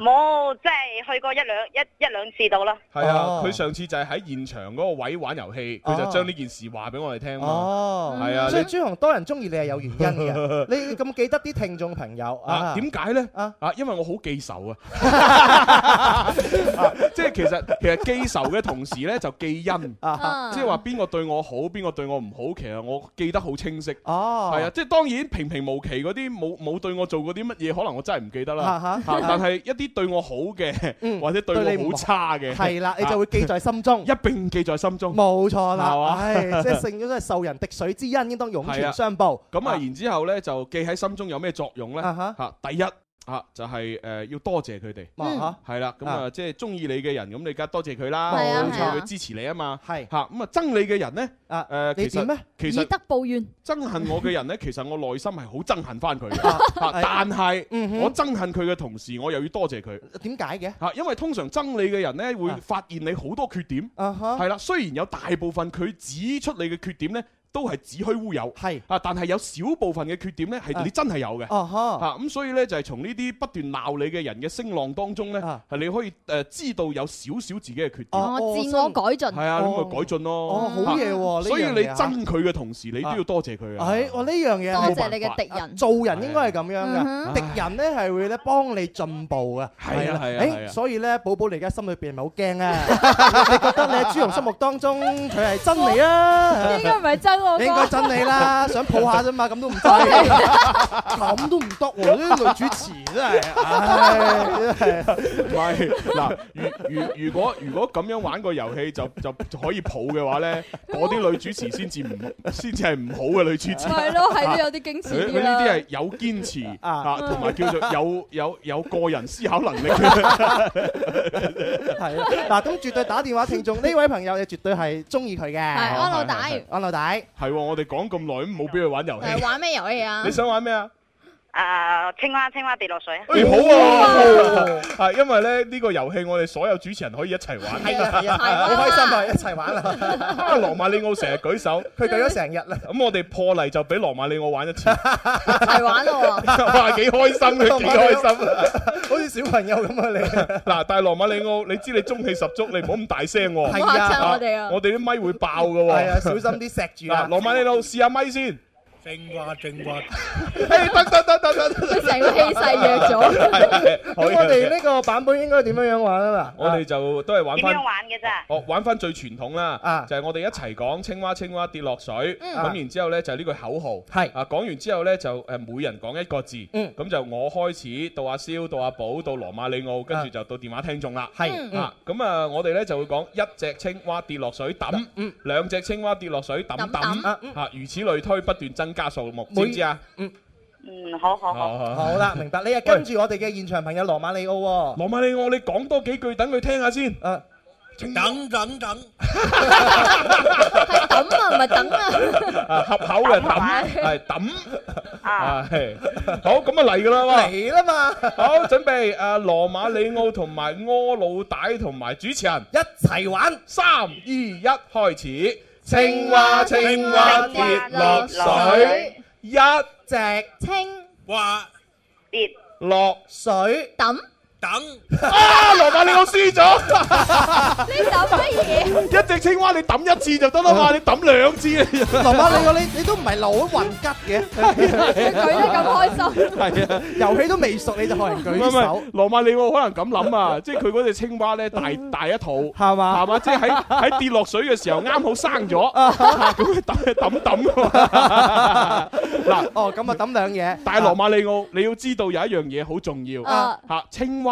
冇 是吧，即 係、就是、去過一兩一一兩次到啦。係啊，佢、oh. 上次就係喺現場嗰個位置玩遊戲，佢就將呢件事話俾我哋聽咯。哦，係啊，所以朱紅多人中意你係有原因嘅。 你咁記得啲聽眾朋友啊？點解咧？啊啊，因為我好記仇啊！即 係、 啊、 其實其實，其實記仇嘅同時咧，就記恩。即係話邊個對我好，邊個對我唔好，其實我記得好清楚。哦，係啊，即係當然平平無奇嗰啲冇冇對我做過啲乜嘢，可能我真係唔記得啦、啊啊啊。但係一啲對我好嘅、嗯，或者對，我的對你好差嘅，係啦、啊，你就會記在心中，啊、一併記在心中。冇錯啦，唉、啊，即係聖人都係受人滴水之恩，應當湧泉相報。咁啊，啊，啊，然之後呢就記喺心中有咩作用呢？吓、啊啊，第一。啊，就係、是、誒、呃，要多謝佢哋，係、嗯、啦，咁、嗯、啊，即係中意你嘅人，咁你梗係多謝佢啦，冇錯佢支持你啊嘛，係、啊，吓咁啊、嗯、憎你嘅人咧，誒、啊呃啊，其實，其實得抱怨，憎恨我嘅人咧， 其實我內心係好憎恨翻佢，嘅、 啊。但係我憎恨佢嘅同時，我又要多謝佢，點解嘅？吓、啊，因為通常憎你嘅人咧，會發現你好多缺點，係、啊、啦，雖然有大部分佢指出你嘅缺點咧。都係子虛烏有，係啊！但係有少部分嘅缺點咧，係你真係有嘅，嚇、啊、咁、啊、所以咧就係從呢啲不斷鬧你嘅人嘅聲浪當中咧，係、啊、你可以誒知道有少少自己嘅缺點、啊，自我改進係啊，咁改進咯、啊啊，好嘢、啊這個啊、所以你憎佢嘅同時，你都要多謝佢嘅，係、啊、哇！呢樣嘢多謝你嘅敵人，做人應該係咁樣嘅、嗯，敵人咧係會咧幫你進步嘅，係啊係啊！所以咧，寶寶你而家心裏邊唔係好驚啊！ 你覺得你喺朱紅心目當中，佢係憎你啊？應該唔係憎。應該真你啦， 想抱下啫嘛，咁都唔 得，咁都唔得喎！啲女主持真係，係唔係？嗱、 就係， 如如如果如果咁樣玩個遊戲就，就就可以抱嘅話咧，嗰啲女主持先至唔，先至係唔好嘅女主持。係 咯， 係都有啲矜持，佢呢啲係有堅持 啊，同埋叫做有有有個人思考能力。 係嗱，咁絕對打電話聽眾呢 位朋友，你絕對係中意佢嘅。安老大，安老大。係喎，我哋講咁耐都冇俾佢玩遊戲。玩咩遊戲啊？你想玩咩啊？誒，青蛙，青蛙跌落水啊！哎，好啊，係因為咧，呢個遊戲，我哋所有主持人可以一齊玩。係啊，啊，好開心啊，一齊玩啊！因為羅馬里奧成日舉手，佢舉咗成日啦。咁我哋破例就俾羅馬里奧玩一次，係玩咯，哇，幾開心啊，幾開心好似小朋友咁啊你。嗱，但係羅馬里奧，你知你中氣十足，你唔好咁大聲喎。係啊，我哋啲咪會爆噶，係啊，小心啲錫住。羅馬里奧試下咪先。青蛙，青蛙，哎，得得得得得，成個氣勢弱咗。咁我哋呢個版本應該點樣樣玩啊？嗱，我哋就都係玩翻，點樣玩嘅咋？哦，玩翻最傳統啦，就係我哋一齊講青蛙，青蛙跌落水，咁然之後咧就呢句口號係啊，講完之後咧就誒每人講一個字，咁就我開始，到阿蕭，到阿寶，到羅馬里奧，跟住就到電話聽眾啦，係啊，咁啊我哋咧就會講一隻青蛙跌落水抌，兩隻青蛙跌落水抌抌啊，吓如此類推，不斷增。加數目，知唔知啊？嗯嗯，好好好好好啦，明白。你啊跟住我哋嘅現場朋友羅馬里奧、哦。羅馬里奧，你講多幾句，等佢聽下先。啊，等等等，係抌啊，唔係等 啊，合口嘅抌係抌，係、啊、 好咁啊嚟噶啦嘛，嚟啦 嘛，好準備。誒、啊，羅馬里奧同埋柯老大同埋主持人 一齊玩，三二一，開始。青蛙，青蛙，青蛙跌落水，一隻青蛙跌落水，噉。等啊！羅馬利奧輸咗，你抌乜嘢？一隻青蛙你抌一次就得啦嘛，你抌兩次？羅馬利奧你你都唔係老云吉嘅，舉得咁開心。係啊，遊戲都未熟你就學人舉手。羅馬利奧可能咁諗啊，即係佢嗰隻青蛙咧，大大一套，係嘛係嘛，即係喺喺跌落水嘅時候啱好生咗，咁佢抌抌抌。嗱哦，咁啊抌兩嘢。但係羅馬利奧你要知道有一樣嘢好重要啊，吓青蛙。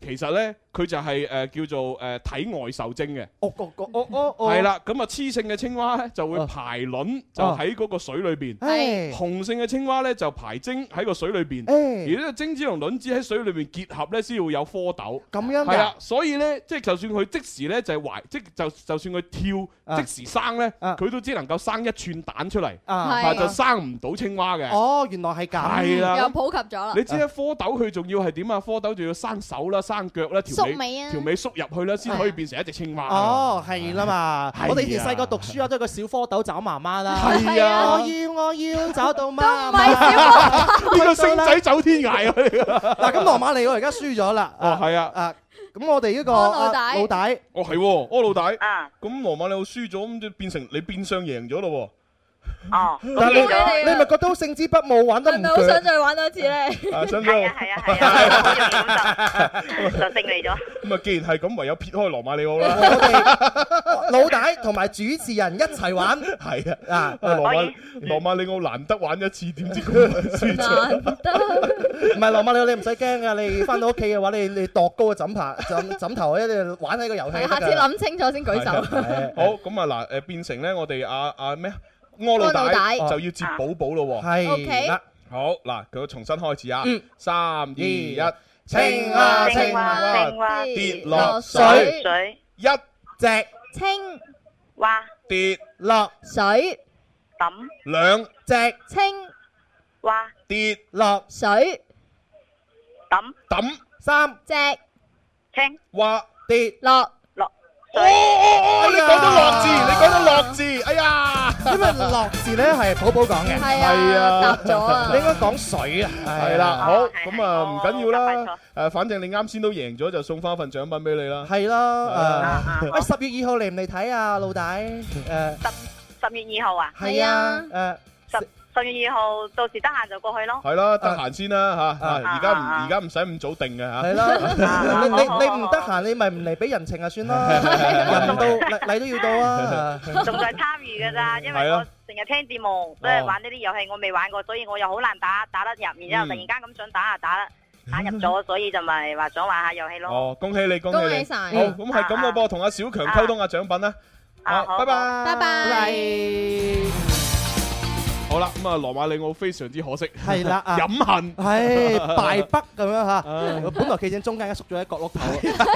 其實咧，佢就係、是、誒、呃、叫做誒、呃、體外受精嘅。哦哦哦哦係啦，咁啊雌性嘅青蛙咧就會排卵，就喺嗰個水裏邊。係。雄性嘅青蛙咧就排精喺個水裏邊。誒、哎。而呢個精子同卵子喺水裏邊結合咧先會有蝌蚪。咁樣。係啦。所以咧，即、嗯、係就算佢即時咧就，是嗯、就，時就懷，即就就算佢跳、啊、即時生咧，佢、啊、都只能夠生一串蛋出嚟，係就生唔到青蛙嘅。哦，原來係咁。係啦。又普及咗啦。你知啦，蝌蚪佢仲要係點啊？蝌蚪仲要生手啦。生腳，條尾，縮尾，啊、條尾縮入去咧，先可以變成一隻青蛙。是啊、哦，係啦嘛，啊、我哋以前細個讀書啊，都係個小蝌蚪找媽媽啦。係啊，啊、我要我要找到媽媽。都 到、呢個星仔走天涯啊？嗱、 啊，咁羅馬利我而家輸咗啦。哦，係啊，啊、這個、啊，啊，咁我哋呢個老大，哦係，哦、啊哦、老大。咁、啊、羅馬利我輸咗，咁就變成你變相贏咗咯喎。哦，嗯、你咪覺得好勝之不武，玩得唔？我咪好想再玩多一次咧，啊，想再係啊係啊！啊啊啊啊 就勝利咗。咁、嗯、啊，既然係咁，唯有撇開羅馬里奧啦。 我哋老大同埋主持人一齊玩。係 啊，啊羅馬羅、嗯、馬里奧難得玩一次，點知咁難， 難得？得唔係羅馬里奧，你唔使驚噶，你翻到屋企嘅話，你你度高個枕頭枕枕，枕頭，你一陣玩呢個遊戲、 啊。下次諗清楚先舉手。好，咁啊嗱，誒，變成咧，我哋啊，咩屙到底就要接寶寶咯喎，係啦，OK，好嗱，佢重新開始啊，三二一，青蛙青蛙跌落水，水，一隻青蛙跌落水，抌兩隻青蛙跌落水，抌抌三隻青蛙跌落。哦哦哦！你講到樂字，你講到樂字，哎呀，因為樂字咧係寶寶講嘅，係啊，答咗啊，你應該講水啊，係啦，好咁啊，唔緊要啦，誒，反正你啱先都贏咗，就送翻份獎品俾你啦，係啦，誒，喂，十月二號嚟唔嚟睇啊？老大，誒，十十月二號啊，係啊，誒。十月二號，到時得閒就過去咯。係啦，得閒先啦吓，而家唔而家唔使咁早定嘅吓。係啦，你你你唔得閒，你咪唔嚟俾人情就算啦。人都嚟都要到啊，仲在參與噶咋？因為我成日聽節目都係玩呢啲遊戲，我未玩過，所以我又好難打打得入，然之後突然間咁想打啊打打入咗，所以就咪話想玩下遊戲咯。哦，恭喜你，恭喜你！好，咁係咁咯噃，同阿小強溝通下獎品啦。好，拜拜，拜拜。好啦，咁、嗯、啊，羅馬里奧非常之可惜，係啦、啊，飲恨，係敗北咁樣吓、 啊。本來企正中間，縮咗喺角落頭。 啊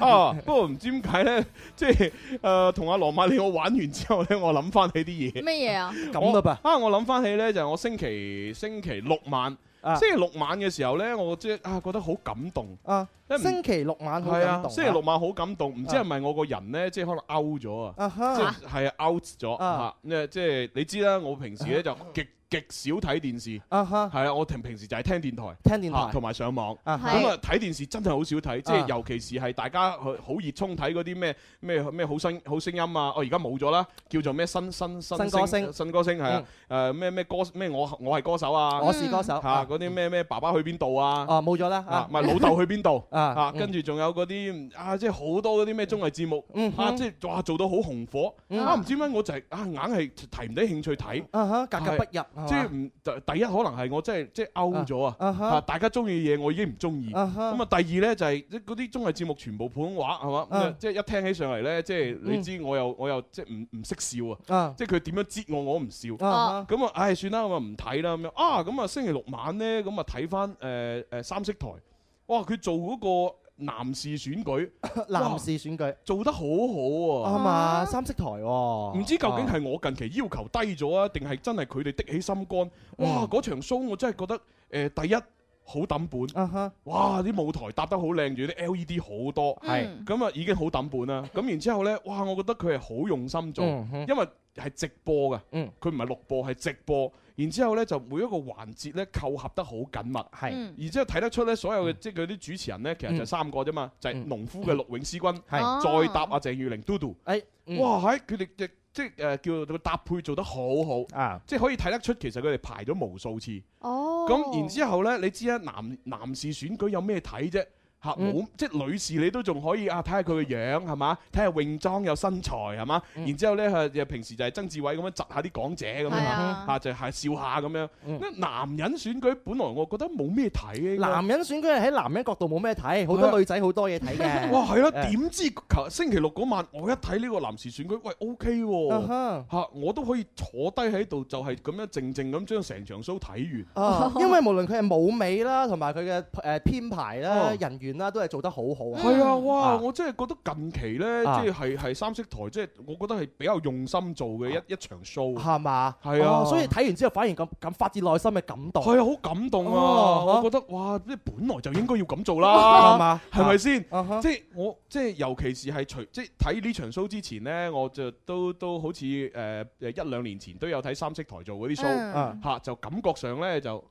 啊 啊、不過唔知點解咧，即係誒，同阿羅馬里奧玩完之後咧，我諗翻起啲嘢。咩嘢啊？咁啦吧。啊，我諗翻起咧，就係我星期星期六晚。星期六晚嘅時候咧，我即係啊覺得好、啊、感動啊！因為星期六晚好感動，啊、星期六晚好感動，唔、啊、知係咪我個人咧，即、就、係、是、可能 out 咗啊，即係係 out 咗吓，即係、啊啊就是、你知啦，我平時咧就極。極少睇電視，係、uh -huh. 啊！我平平時就係聽電台，聽電台同埋、啊、上網。咁啊，睇電視真係好少睇，即、uh、係 -huh. 尤其是係大家好熱衷睇嗰啲咩咩咩好聲好聲音啊！哦，而家冇咗啦，叫做咩新新新歌聲，新，新歌聲係啊！誒咩咩歌咩我我係歌手啊！我是歌手嚇嗰啲咩咩爸爸去邊度啊？冇咗啦嚇，唔係老豆去邊度啊？嚇、uh -huh. 啊啊 uh -huh. 啊，跟住仲有嗰啲啊，即係好多嗰啲咩綜藝節目嚇，即、uh、係 -huh. 啊就是、哇做到好紅火、uh -huh. 啊！唔知點解我就係、是、啊硬係提唔起興趣睇啊嚇，格格不入。即係唔第第一可能係我真係即係 out 咗啊！啊，大家中意嘅嘢我已經唔中意咁啊。啊第二咧就係嗰啲綜藝節目全部普通話係嘛？啊、即係一聽起上嚟咧，即係你知我又、嗯、我又即係唔唔識笑啊！即係佢點樣擠我，我唔笑。咁啊，唉算啦，咁啊唔睇啦咁樣啊。咁啊，哎、啊星期六晚咧，咁啊睇返誒誒三色台。哇！佢做嗰、嗰個。男士選舉，男士選舉做得好好啊，嘛、啊？啊、三色台喎、啊，唔知究竟係我近期要求低咗啊，定係真係佢哋的起心肝？嗯、哇！嗰場 show 我真係覺得，誒、呃、第一好抌本，啊哈！哇！啲舞台搭得好靚，住啲 LED 好多，係咁啊，已經好抌本啦。咁然之後呢，哇！我覺得佢係好用心做，嗯、哼因為係直播㗎，佢唔係錄播係直播。然之後咧，就每一個環節咧，扣合得好緊密。係、嗯，然之後睇得出咧，所有嘅、嗯、即係嗰啲主持人咧，其實就三個啫嘛，就係、是、農夫嘅陸永、C 君，係、嗯、再搭阿鄭裕玲嘟嘟。係，哎、哇！喺佢哋嘅即係誒、呃，叫做搭配做得好好。啊，即係可以睇得出，其實佢哋排咗無數次。哦，咁然之後咧，你知啦、啊，男男士選舉有咩睇啫？冇、嗯，即係女士你都仲可以啊！睇下佢嘅樣係嘛，睇下泳裝有身材係嘛、嗯，然之後咧佢又平時就係曾志偉咁樣窒下啲港姐咁樣嚇，就係笑下咁樣、嗯。男人選舉本來我覺得冇咩睇。男人選舉係喺男人角度冇咩睇，好、嗯、多女仔好多嘢睇嘅。哇係啦，點、啊、知星期六嗰晚我一睇呢個男士選舉，喂 O K 喎嚇，我都可以坐低喺度就係咁樣靜靜咁將成場 show 睇完、啊。因為無論佢係舞美啦，同埋佢嘅誒編排啦、啊、人員啦，都係做得好好。係啊，哇！我真係覺得近期呢，即係係三色台，即係我覺得係比較用心做嘅一一場 show。係嘛？係啊。所以睇完之後，反而咁咁發自內心嘅感動。係啊，好感動啊！我覺得哇，即係本來就應該要咁做啦，係咪先？即係我即係尤其是係除即係睇呢場 show 之前呢，我就都都好似誒誒一兩年前都有睇三色台做嗰啲 show 啊，吓就感覺上呢就。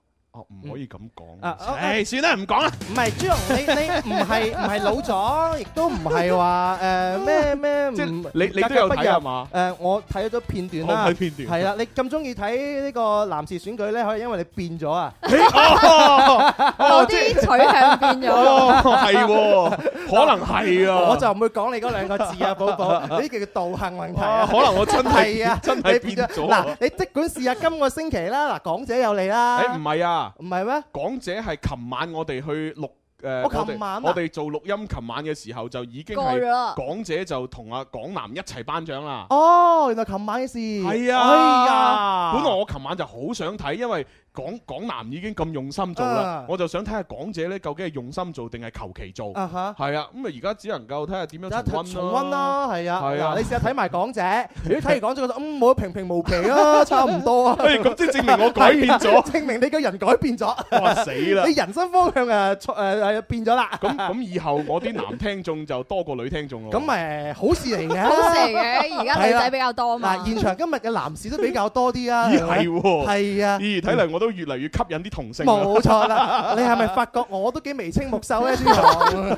唔可以咁講，誒、嗯哎啊，算啦，唔講啦。唔係朱龍，你你唔係唔係老咗，亦都唔係話誒咩咩。即係你你都有睇係嘛？誒、呃，我睇咗片段啦。我、哦、睇片段。係啦、啊，你咁中意睇呢個男士選舉咧，可以因為你變咗啊、哎。哦，我啲取向變咗。哦，係喎、哦，可能係啊。 我就唔會講你嗰兩個字啊，寶寶。呢 叫叫道行問題、啊哦。可能我真係變，真係變咗。嗱，你即、啊、管試下今個星期啦。嗱，港姐又嚟你啦。誒，唔係啊。哎唔係咩？港姐係琴晚我哋去錄誒，呃哦、我琴們晚、啊、我哋做錄音，琴晚嘅時候就已經係港姐就同阿港男一齊頒獎啦。哦，原來琴晚嘅事係啊，呀哎、呀本嚟我琴晚就好想睇，因為。港港男已經咁用心做啦，我就想睇下港姐咧究竟係用心做定係求其做，係啊，咁啊而家只能夠睇下點樣重溫咯，係啊，嗱你試下睇埋港姐，如果睇完港姐覺得嗯冇平平無奇啊，差唔多啊，誒咁即證明我改變咗，證明你個人改變咗，哇死啦，你人生方向誒誒變咗啦，咁咁以後我啲男聽眾就多過女聽眾咯，咁咪好事嚟嘅，好事嚟嘅，而家女仔比較多啊嘛，現場今日嘅男士都比較多啲啊，咦係喎，係啊，咦睇嚟我都。都越嚟越吸引啲同性。冇錯啦，你係咪發覺我都幾眉清目秀咧？先講，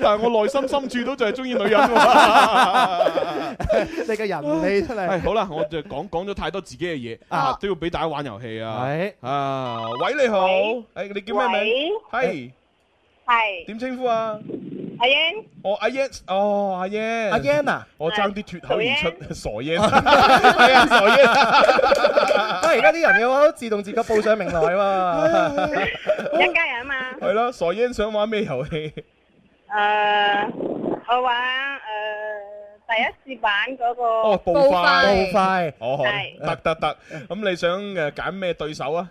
但係我內心深處都就係中意女人㗎。你嘅人氣出嚟。好啦，我就講講咗太多自己嘅嘢，都要俾大家玩遊戲啊。誒啊，喂你好，誒你叫咩名？係，係點稱呼啊？阿英、哦，yen，哦阿英，哦阿英，阿英啊！我爭啲脱口而出，傻英係啊，傻英。但係而家啲人嘅話都自動自覺報上名來啊嘛，一家人啊嘛。係咯、uh, uh, oh,，傻英想玩咩遊戲？誒 シャパ en，我玩誒第一次版嗰個。哦，步快好快，好，係，得得得。咁你想誒揀咩對手啊？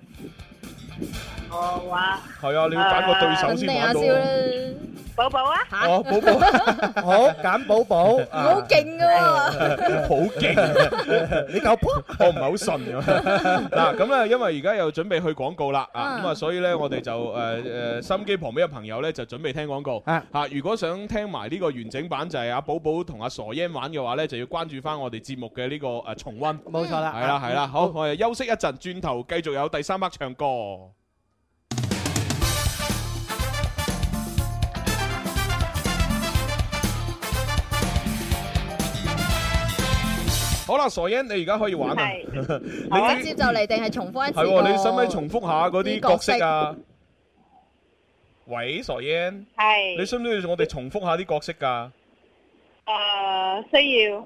我話係啊！你要揀個對手先玩到。肯定有笑啦，寶寶啊，吓寶寶，好揀寶寶。好勁噶，好勁！你教波，我唔係好信。嗱咁咧，因為而家又準備去廣告啦啊咁啊，所以咧，我哋就誒誒，收音機旁邊嘅朋友咧，就準備聽廣告啊吓。如果想聽埋呢個完整版，就係阿寶寶同阿傻煙玩嘅話咧，就要關注翻我哋節目嘅呢個誒重溫。冇錯啦，係啦係啦，好，我哋休息一陣，轉頭繼續有第三 part 唱歌。好啦，傻煙，你而家可以玩啦、 啊。你今次就嚟定係重複一次？係喎，你使唔使重複下嗰啲角色啊？喂，傻煙，係，你需唔需要我哋重複下啲角色噶、啊？誒，需要。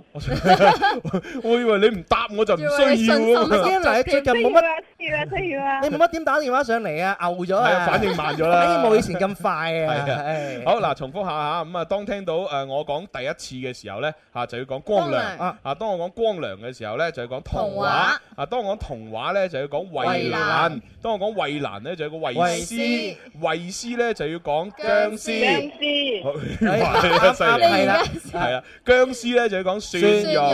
我以為你唔答我就唔需要。最近冇乜需要啊，需要啊，需要啊。你冇乜點打電話上嚟啊？牛咗啊！反應慢咗啦。冇以前咁快啊。係啊。好嗱，重複下吓，咁啊，當聽到誒我講第一次嘅時候咧，吓就要講光良。啊，當我講光良嘅時候咧，就要講童話。啊，當我講童話咧，就要講衛蘭。當我講衛蘭咧，就要講衛斯。衛斯咧就要講殭屍。殭屍。係啊，係啊，係。僵屍咧就要講蒜蓉，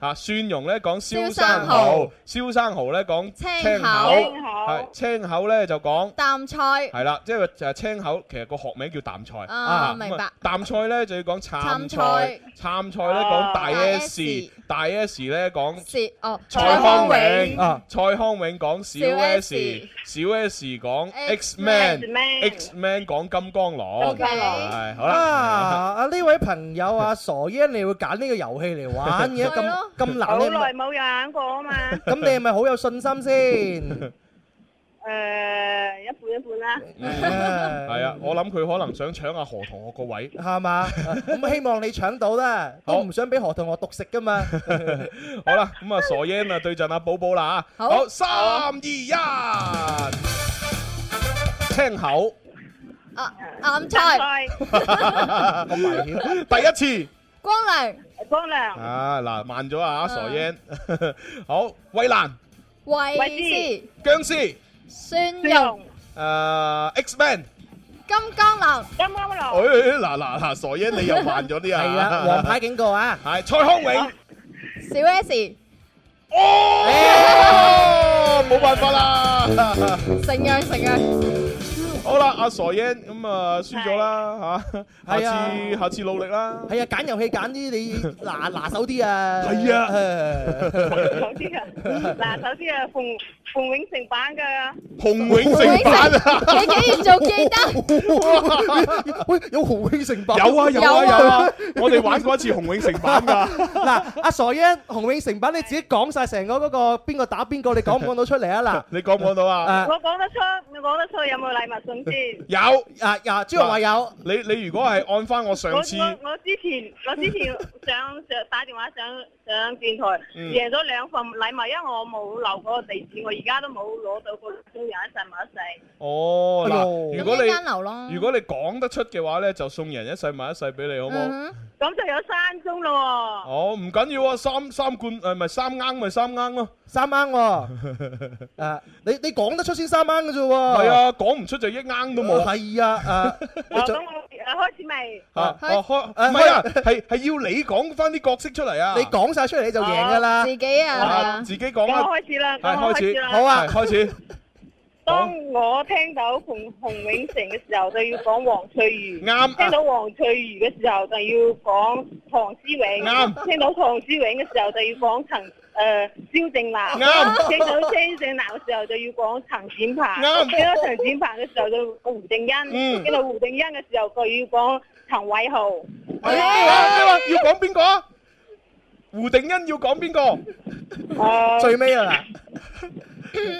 吓蒜蓉咧講燒生蠔，燒生蠔咧講青口，係青口咧就講淡菜，係啦，即係就係、是、青口，其實個學名叫淡菜啊。啊，明白。淡菜咧就要講杉菜，杉菜咧講大 S,、哦、S，大 S 咧講哦，蔡康永啊，蔡康永講小 S，小 S 講 X Man，X Man 講 -Man, -Man, -Man -Man 金剛狼。OK，係好啦，阿呢位朋友阿。傻嘢，你會揀呢個遊戲嚟玩嘅咁咁難咧？好耐冇玩過啊嘛！咁你係咪好有信心先？誒，一半一半啦。係啊，我諗佢可能想搶阿何同學個位，係嘛？咁希望你搶到啦。我唔想俾何同學獨食噶嘛。好啦，咁啊傻嘢啊，對陣阿寶寶啦啊！好，三二一，聽口。啊，啱猜。咁危險，第一次。光良，光良，啊嗱慢咗啊傻煙，好衛蘭，衛斯，僵屍，孫楊，誒 Xman，金剛狼，金剛狼，誒嗱嗱嗱傻煙你又慢咗啲啊，王牌警告啊，係蔡康永，小 S，哦，冇辦法啦，成樣成樣。好啦，阿傻英咁啊，輸咗啦吓，下次、啊、下次努力啦。係啊，揀遊戲揀啲你嗱拿手啲啊。係啊，拿手啲啊，拿手啲啊，鳳。洪永城版噶，洪永城版啊！你竟然仲記得？喂，有洪永城版？有啊有啊有啊！我哋玩過一次洪永城版噶。嗱，阿傻英，洪永城版你自己講晒成個嗰個邊個打邊個，你講唔講到出嚟啊？嗱，你講唔講到啊？我講得出，我講得出，有冇禮物送先？有啊啊！朱浩話有，你你如果係按翻我上次，我我之前我之前上上打電話上上電台，贏咗兩份禮物，因為我冇留嗰個地址，我以而家都冇攞到個送人一世埋一世。哦嗱，如果你如果你講得出嘅話咧，就送人一世埋一世俾你，好唔好？咁就有三中咯。哦，唔緊要啊，三三冠誒，唔係三啱咪三啱咯。三啱喎。誒，你你講得出先三啱嘅啫喎。係啊，講唔出就一啱都冇。係啊啊。我咁我誒開始未？嚇！開開誒，唔係啊，係係要你講翻啲角色出嚟啊！你講曬出嚟你就贏㗎啦。自己啊！自己講啊！開始啦！開始。好啊，開始。當我聽到洪洪永城嘅時候，就要講黃翠如。啱。聽到黃翠如嘅時候，就要講唐詩詠。啱。聽到唐詩詠嘅時候，就要講陳誒蕭正楠。啱。聽到蕭正楠嘅時候，就要講陳展鵬。啱。聽到陳展鵬嘅時候，就胡定欣。嗯。見到胡定欣嘅時候，就要講陳偉豪。好啊！要講邊個？胡定欣要講邊個？哦。最尾啦。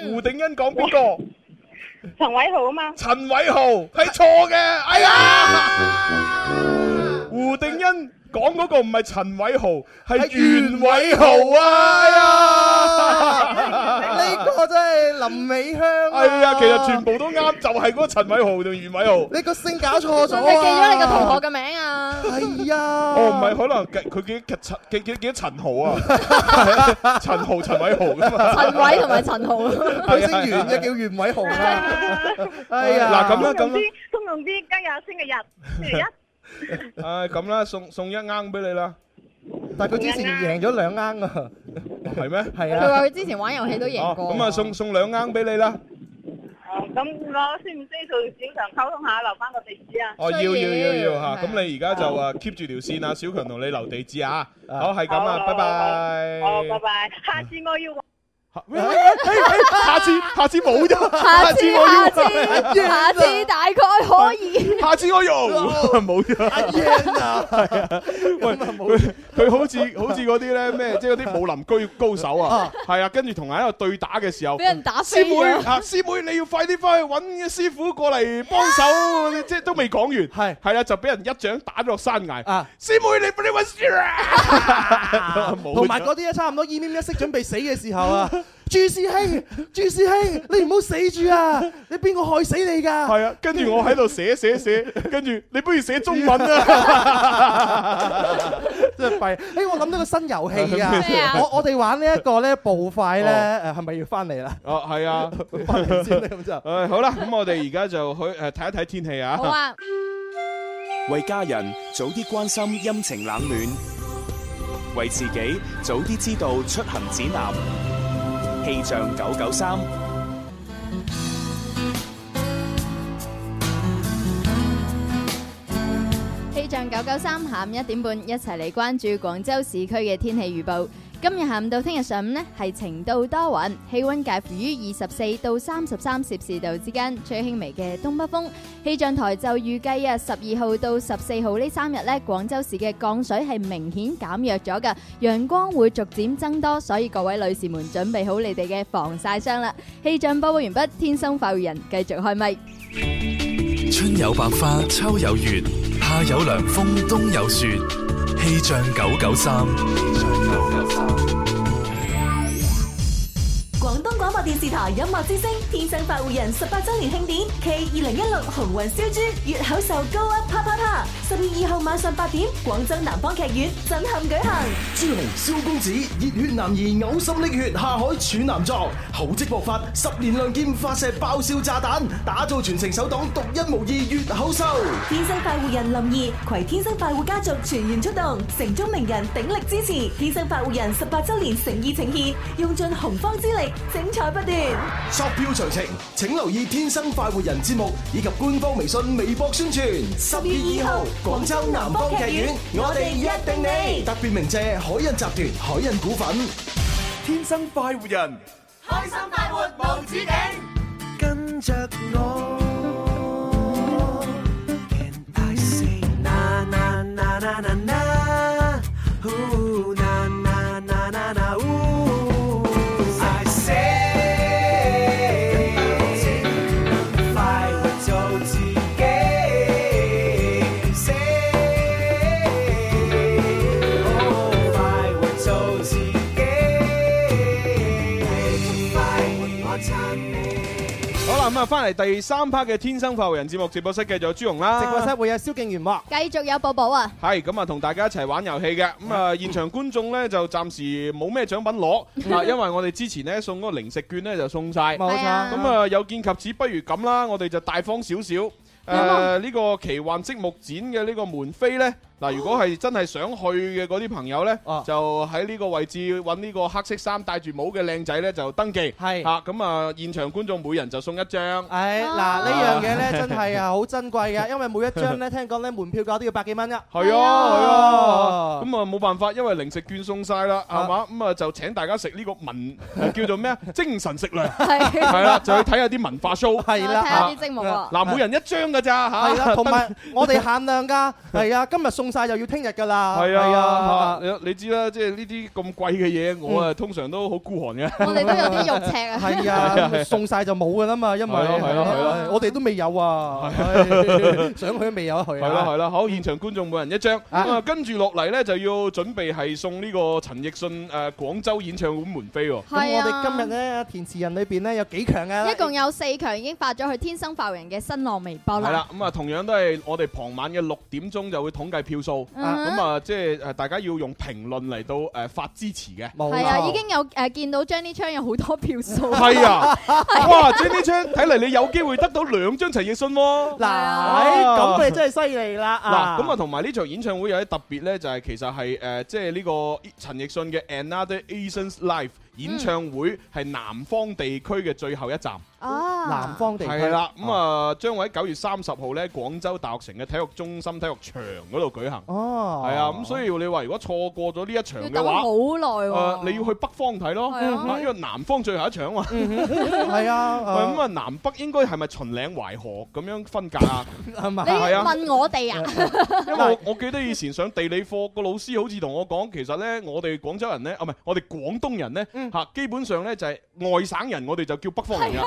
胡定欣講邊個？陳偉豪啊嘛？陳偉豪係錯嘅， 哎呀！胡定欣。講嗰個唔係陳偉豪，係袁偉豪，啊、豪啊！哎呀，呢 個真係林美香，啊。哎呀，其實全部都啱，就係、是、嗰個陳偉豪同袁偉豪。你個姓搞錯咗，你是是記咗你個同學嘅名啊？係、哎、啊！哦，唔係可能佢記陳，記得記記咗陳豪啊？陳 豪、陳偉豪啊嘛？陳偉同埋陳豪。 佢姓袁嘅，叫袁偉豪啊！哎呀，嗱咁啦咁啦。通用啲，今日星期日，星期一。誒，咁啦，送送一罌俾你啦。但係佢之前贏咗兩罌啊，係咩？係啊。佢話佢之前玩遊戲都贏過。咁啊，送送兩罌俾你啦。哦，咁我需唔需要同小強溝通下，留翻個地址啊？哦，要要要要吓，咁你而家就啊 keep 住條線啊，小強同你留地址啊。好，係咁啊，拜拜。哦，拜拜。下次我要。下次下次冇咗，下次下次，下次，下，次，下，次下次大概可以，下次我用冇咗、喔、啊，係 啊，喂，佢好似、啊、好似嗰啲咧咩，即係嗰啲武林居高手啊，係啊，跟住同人喺度對打嘅時候，俾人打死啊！師妹，師妹你要快啲翻去揾師傅過嚟幫手，即係都未講完，係係啦，就俾人一掌打咗落山崖啊！師妹，你幫你揾師啊！同埋嗰啲啊，啊啊差唔多奄奄一息準備死嘅時候啊！啊朱師兄，朱師兄，你唔好死住啊！ 你邊個害死你噶？係啊，跟住我喺度寫寫寫，跟 住你不如寫中文啊 真！真係弊，誒，我諗到個新遊戲啊，啊！我我哋玩步快呢一個咧，步快咧，誒，係咪要翻嚟啦？哦，係啊，翻嚟、啊、 來先咁 就誒、哎，好啦，咁我哋而家就去誒睇一睇天氣啊。好啊，為家人早啲關心陰晴冷暖，為自己早啲知道出行指南。氣象九九三，氣象九九三，下午一點半，一齊嚟關注廣州市區嘅天氣預報。今日下午到聽日上午呢，係晴到多雲，氣溫介乎於二十四到三十三攝氏度之間，吹輕微嘅東北風。氣象台就預計啊，十二號到十四號呢三日呢，廣州市嘅降水係明顯減弱咗㗎，陽光會逐漸增多，所以各位女士們準備好你哋嘅防曬霜啦。氣象播報完畢，天生快活人繼續開咪。春有百花，秋有月，夏有涼風，冬有雪。氣象九九三。廣播電視台《音樂之聲》天生快活人十八周年慶典，暨二零一六鴻運燒豬粵口秀高 up 啪啪啪，十月二號晚上八點，廣州南方劇院震撼舉行。朱紅蕭公子，熱血男兒嘔心瀝血下海處男作，厚積薄發十年亮劍發射爆笑炸彈，打造全城首檔獨一無二粵口秀。天生快活人林兒，携天生快活家族全員出動，城中名人鼎力支持，天生快活人十八周年誠意呈現，用盡洪荒之力整。彩不斷，索票詳情請留意《天生快活人》節目以及官方微信、微博宣傳。十月二號，廣州南方劇院，我哋約定你。特別鳴謝海印集團、海印股份，《天生快活人》，開心快活無止境，跟住我。翻嚟第三 part 嘅《天生快活人》節目直播室，繼續有朱紅啦。直播室會有蕭敬源喎，繼續有寶寶啊。係咁啊，同大家一齊玩遊戲嘅咁啊，現場觀眾呢就暫時冇咩獎品攞 因為我哋之前呢送嗰個零食券呢就送晒，冇錯。咁啊，有見及此不如咁啦，我哋就大方少少誒，呢、呃這個奇幻積木展嘅呢個門票呢。嗱，如果係真係想去嘅嗰啲朋友咧，就喺呢個位置揾呢個黑色衫戴住帽嘅靚仔咧，就登記。係啊，咁啊，現場觀眾每人就送一張。係嗱，呢樣嘢咧真係啊好珍貴㗎，因為每一張咧聽講咧門票價都要百幾蚊呀。係啊，係啊。咁啊，冇辦法，因為零食券送晒啦，係嘛。咁啊，就請大家食呢個文叫做咩啊？精神食糧係係啦，就去睇下啲文化 show。係啦，睇下啲節目。嗱，每人一張噶咋吓？係啦，同埋我哋限量噶。係啊，今日送。送晒就要聽日㗎啦！係啊，啊，你知啦，即係呢啲咁貴嘅嘢，我誒通常都好孤寒嘅。 我哋都有啲肉赤啊！係 啊，送晒就冇㗎啦嘛，因為係咯係咯，我哋都未有啊， 想去都未有去、啊。係啦係啦，好，好現場觀眾每人一張咁啊、 嗯，跟住落嚟咧就要準備係送呢個陳奕迅誒廣州演唱會門飛喎。咁、 啊、我哋今日咧填詞人裏邊咧有幾強啊？一共有四強已經發咗去天生快活人嘅新浪微博啦。係啦，咁、嗯、啊同樣都係我哋傍晚嘅六點鐘就會統計票。票、嗯、數，咁啊，即係誒，大家要用評論嚟到誒發支持嘅，係、嗯、啊，已經有誒、呃、見到 Jenny Chan 有好多票數，係啊， 啊，哇 ，Jenny Chan 睇嚟，你有機會得到兩張陳奕迅喎、哦，嗱，咁佢哋真係犀利啦，嗱，咁啊，同埋呢場演唱會有啲特別咧，就係、是、其實係誒，即係呢個陳奕迅嘅 Another Eason's Life。演唱會係南方地區嘅最後一站、嗯。啊、哦，南方地區係啦，咁、嗯、啊，將會喺九月三十號咧，廣州大學城嘅體育中心體育場嗰度舉行。哦，係啊，咁所以你話如果錯過咗呢一場嘅話，好耐、啊，誒、呃，你要去北方睇咯、啊，因為南方最後一場啊嘛。係啊，咁 啊，南北應該係咪秦嶺淮河咁樣分隔啊？係咪？係啊，問我哋啊，因為我我記得以前上地理課個老師好似同我講，其實咧，我哋廣州人咧，啊，唔係，我哋廣東人咧。嗯嚇，基本上咧就係外省人，我哋就叫北方人啦，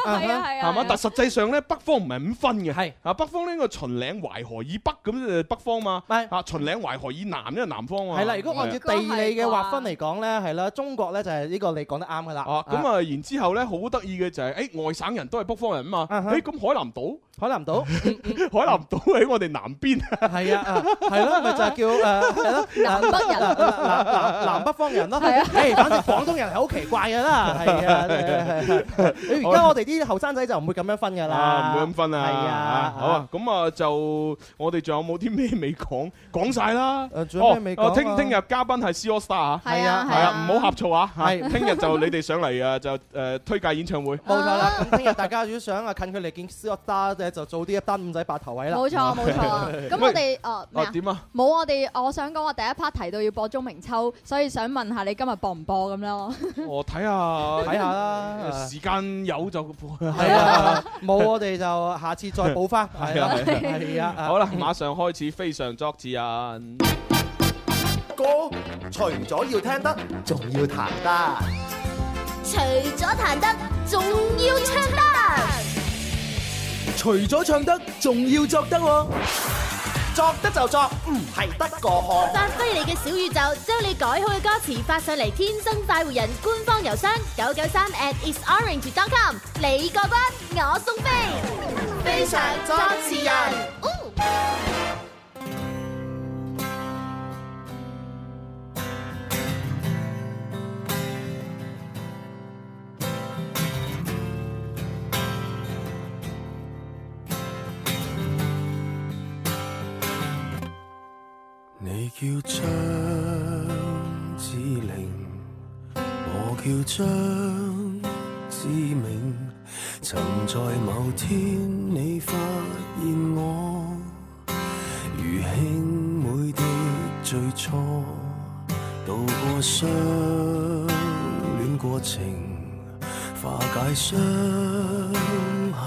係嘛？但實際上咧，北方唔係咁分嘅，係啊，北方呢個秦嶺淮河以北咁就北方嘛，係啊，秦嶺淮河以南呢係南方嘛。係啦，如果按照地理嘅劃分嚟講咧，係啦，中國咧就係呢個你講得啱嘅啦。咁啊，然之後咧好得意嘅就係、是，誒、欸、外省人都係北方人啊嘛，誒、欸、咁海南島，海南島，嗯嗯、海南島喺我哋南邊，係啊，係咯，咪就係叫誒、啊、南北人南南、啊、南北方人咯，係啊，誒反正廣東人係好奇。怪嘅啦，係啊！你而家我哋啲後生仔就唔會咁樣分噶啦，唔會咁分啊！係啊，啊，好啊，咁啊就我哋仲有冇啲咩未講？講晒啦仲有、啊！哦，聽聽日嘉賓係 C All Star 啊，係啊係啊，唔好呷醋啊！係、啊，聽日、啊啊啊啊、就你哋上嚟啊，就誒推介演唱會、 啊。冇錯啦，聽日大家如果想啊近距離見 C All Star 就早啲一單五仔八頭位啦。冇錯冇錯，咁我哋哦點啊？冇我哋、啊啊啊，我想講我第一 part 提到要播鐘明秋，所以想問下你今日播唔播咁咯？啊啊我睇下，睇下啦。時間有就，冇、啊 啊、我哋就下次再補翻。係 啊，係啊，啊，啊，啊，啊，啊。好啦， 馬上開始，非常作詞人、啊。歌除咗要聽得，仲要彈得；除咗彈得，仲要得唱得；除咗唱得，仲要作得。作得就作，唔係得過可。發揮你嘅小宇宙，將你改好嘅歌詞發上嚟，天生快活人官方郵箱九九三 at isorange.com。你個班，我送飛，非常作詞人。叫張志玲，我叫張志明。曾在某天，你發現我，如兄妹的最初度，渡過相戀過程，化解傷。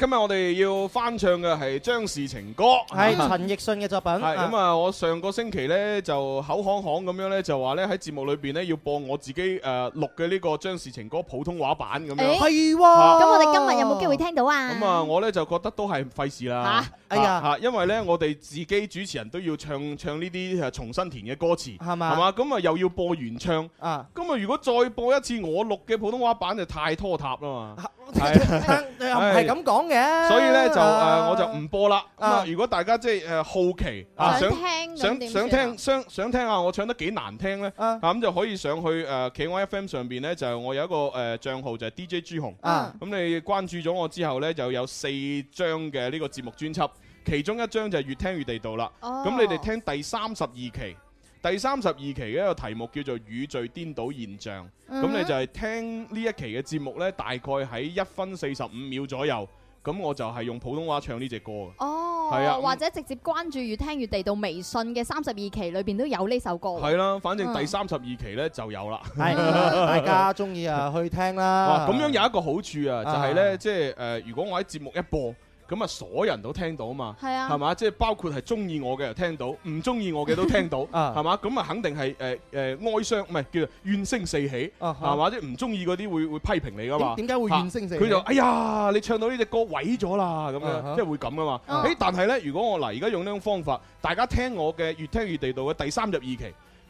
今日我哋要翻唱嘅係張氏情歌，係陳奕迅嘅作品。係咁啊！我上個星期咧就口慷慷咁樣咧就話咧喺節目裏邊咧要播我自己誒錄嘅呢個張氏情歌普通話版咁、欸、樣。係喎。咁我哋今日有冇機會聽到啊？咁啊，我咧就覺得都係費事啦。吓、啊，哎呀、啊，吓，因為咧我哋自己主持人都要唱唱呢啲重新填嘅歌詞，係嘛，係嘛，咁啊又要播原唱，啊，咁啊如果再播一次我錄嘅普通話版就太拖沓啦嘛。係咁講。 樣 所以咧就，啊，我就唔播啦。啊，如果大家即係，就是啊，好奇啊，想，想聽想想，想聽想想聽下我唱得幾難聽咧，啊咁，啊，就可以上去，呃，企鵝 FM 上面咧，就我有一個誒，呃，帳號就係 DJ 朱紅。啊，嗯，咁，嗯，你關注咗我之後咧，就有四張嘅呢個節目專輯，其中一張就係越聽越地道啦。咁，哦，你哋聽第三十二期，第三十二期嘅一個題目叫做語序顛倒現象。咁，嗯，你就係聽呢一期嘅節目咧，大概喺一分四十五秒左右。咁我就係用普通話唱呢隻歌嘅，係、哦、啊，或者直接關注越聽越地道微信嘅三十二期裏邊都有呢首歌，係啦、啊，反正第三十二期呢、嗯、就有啦、嗯，係 大家中意啊去聽啦。咁樣有一個好處啊，就係、是、呢，啊、即係、呃、如果我喺節目一播。咁啊，所有人都聽到啊嘛，係啊，係嘛，即係包括係中意我嘅又聽到，唔中意我嘅都聽到，係 嘛，咁啊，肯定係誒誒哀傷，唔係叫做怨聲四起，係、啊、嘛，即係唔中意嗰啲會會批評你噶嘛，點解會怨聲四起？佢、啊、就哎呀，你唱到呢隻歌毀咗啦，咁樣即係、啊就是、會咁噶嘛。誒、啊，但係咧，如果我嗱而家用呢種方法，大家聽我嘅越聽越地道嘅第三十二期，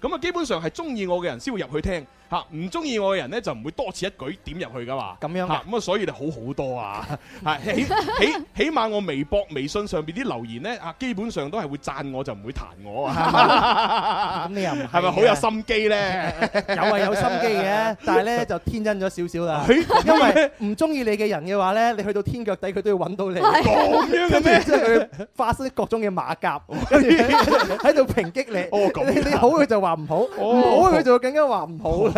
咁啊基本上係中意我嘅人先會入去聽。嚇唔中意我嘅人咧，就唔會多此一舉點入去噶嘛。咁樣嚇，咁啊所以就好好多啊。 起起起碼我微博、微信上邊啲留言咧，啊基本上都係會讚我，就唔會彈我啊。咁、嗯 嗯、你又係咪好有心機咧？ 有啊，有心機嘅， 但係咧就天真咗少少啦。 因為唔中意你嘅人嘅話咧，你去到天腳底佢都要揾到你。咁樣嘅咩？即係佢發出各種嘅馬甲喺度抨擊你。哦，咁你好佢就話唔好，好佢就更加話唔好。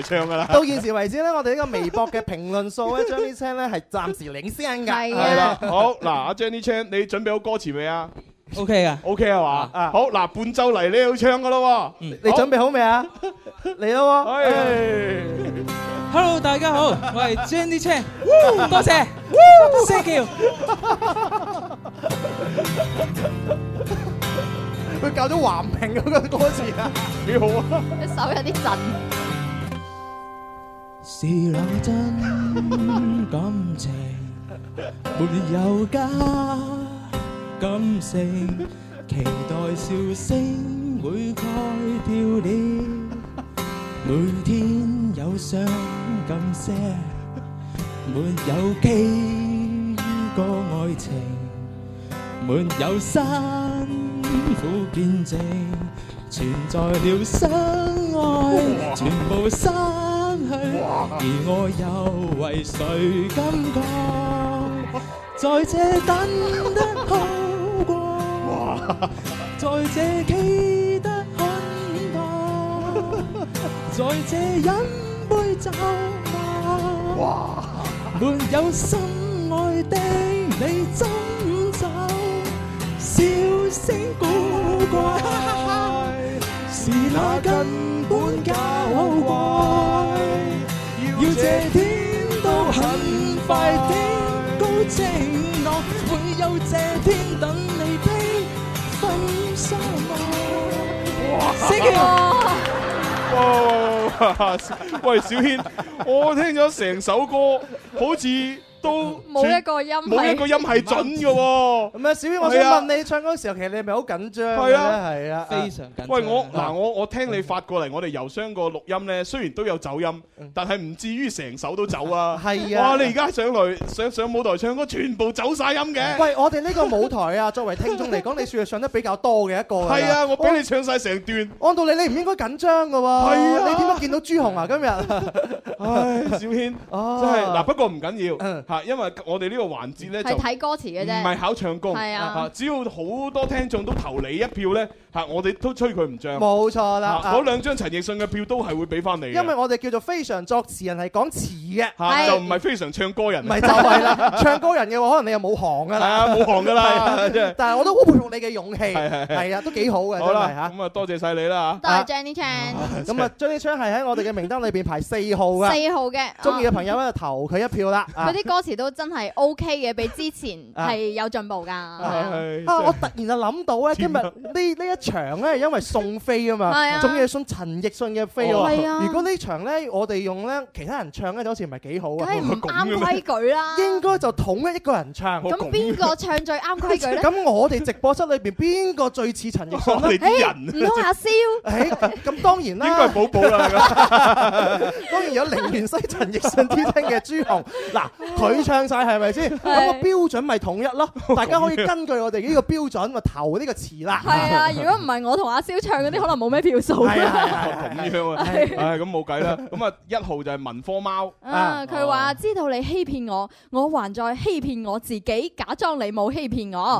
係唱噶啦！到現時為止咧，我哋呢個微博嘅評論數咧，Jenny Chan 咧係暫時領先噶。係啊！好，嗱，阿 Jenny Chan，你準備好歌詞未啊？OK 啊，OK 啊嘛？啊，好，嗱，伴奏嚟你要唱噶咯，你準備好未啊？嚟咯！係，Hello，大家好，我係，Jenny Chan，多謝，Thank you。佢教咗橫平嗰個歌詞啊，幾好啊！佢手有啲震。是那真感情，沒有假感性。期待笑聲會開掉臉，每天有傷感些，沒有幾個愛情，沒有辛苦見證。存在了相愛，全部散去，而我又為誰感覺？在這等得好過，在這企得很多，在這飲杯酒吧，沒有心愛的你怎走？笑聲古怪。那根本假好怪，要這天都很快，天高晴朗，會有這天等你披婚紗嗎？哇！死叫、啊！喂，小軒，我聽咗成首歌，好似，都冇一個音，冇一個音係準嘅。咁啊，小軒，我想問你唱歌時候，其實你係咪好緊張？係啊，係啊，非常緊張。喂，我嗱我我聽你發過嚟我哋郵箱個錄音咧，雖然都有走音，但係唔至於成首都走啊。係啊，哇！你而家上來上上舞台唱歌，全部走曬音嘅。喂，我哋呢個舞台啊，作為聽眾嚟講，你算係上得比較多嘅一個。係啊，我俾你唱曬成段。按道理你唔應該緊張嘅喎。係啊，你點解見到朱紅啊？今日唉，小軒，真係嗱，不過唔緊要。因為我哋呢個環節咧就係睇歌詞嘅啫，唔係考唱歌。係啊，只要好多聽眾都投你一票咧，嚇我哋都吹佢唔漲。冇錯啦，嗰、啊、兩張陳奕迅嘅票都係會俾翻你。因為我哋叫做非常作詞人係講詞嘅，係啊、就唔係非常唱歌人係係。咪就係啦，唱歌人嘅話可能你又冇行噶啦。係啊，冇行噶啦， 但係我都好佩服你嘅勇氣，係係，啊，都幾好嘅。好啦，嚇咁啊，多謝晒你啦嚇。多謝 Jenny Chan。咁啊，Jenny Chan 係喺我哋嘅名單裏邊排四號㗎。四號嘅，中意嘅朋友咧就投佢一票啦。啲歌。啊當時都真係 O K 嘅，比之前係有進步噶。啊、的啊、啊！我突然就諗到咧，今日呢呢一場咧，因為送飛啊嘛，仲要送陳奕迅嘅飛啊。如果呢場咧，我哋用咧其他人唱咧，好似唔係幾好啊。梗係唔啱規矩啦。應該就統一一個人唱好好。咁邊個唱最啱規矩咧？咁 我哋直播室裏邊邊個最似陳奕迅、啊哦、你的人唔通阿蕭？咁、欸欸、當然啦，應該寶寶啦。當然有寧元西陳奕迅之稱嘅朱紅。嗱佢。佢唱晒係咪先？咁個 標準咪統一咯，大家可以根據我哋呢個標準咪 投呢個詞啦。係 啊，如果唔係我同阿蕭唱嗰啲，可能冇咩票數係啊，咁 對對 對對、 哎、樣啊，咁冇計啦。咁啊，一號就係文科貓啊。佢話、哦：知道你欺騙我，我還在欺騙我自己，假裝你冇欺騙我。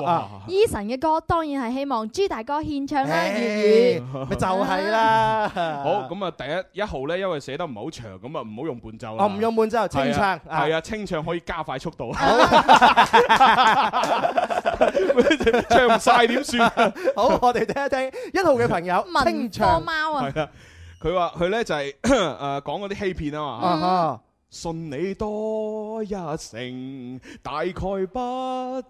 Eason 嘅歌當然係希望朱大哥獻唱啦、啊，粵語咪就係、是、啦、啊。好咁啊，第一一號咧，因為寫得唔好長，咁啊唔好用伴奏啦。唔、啊、用伴奏，清唱。係啊，清唱可以加快速度啊！ 唱唔曬點算？ 好，我哋聽一聽一號嘅朋友清，清唱貓啊！佢話佢咧就係、是、誒、 呃、講嗰啲欺騙啊嘛。嗯嗯信你多一成，大概不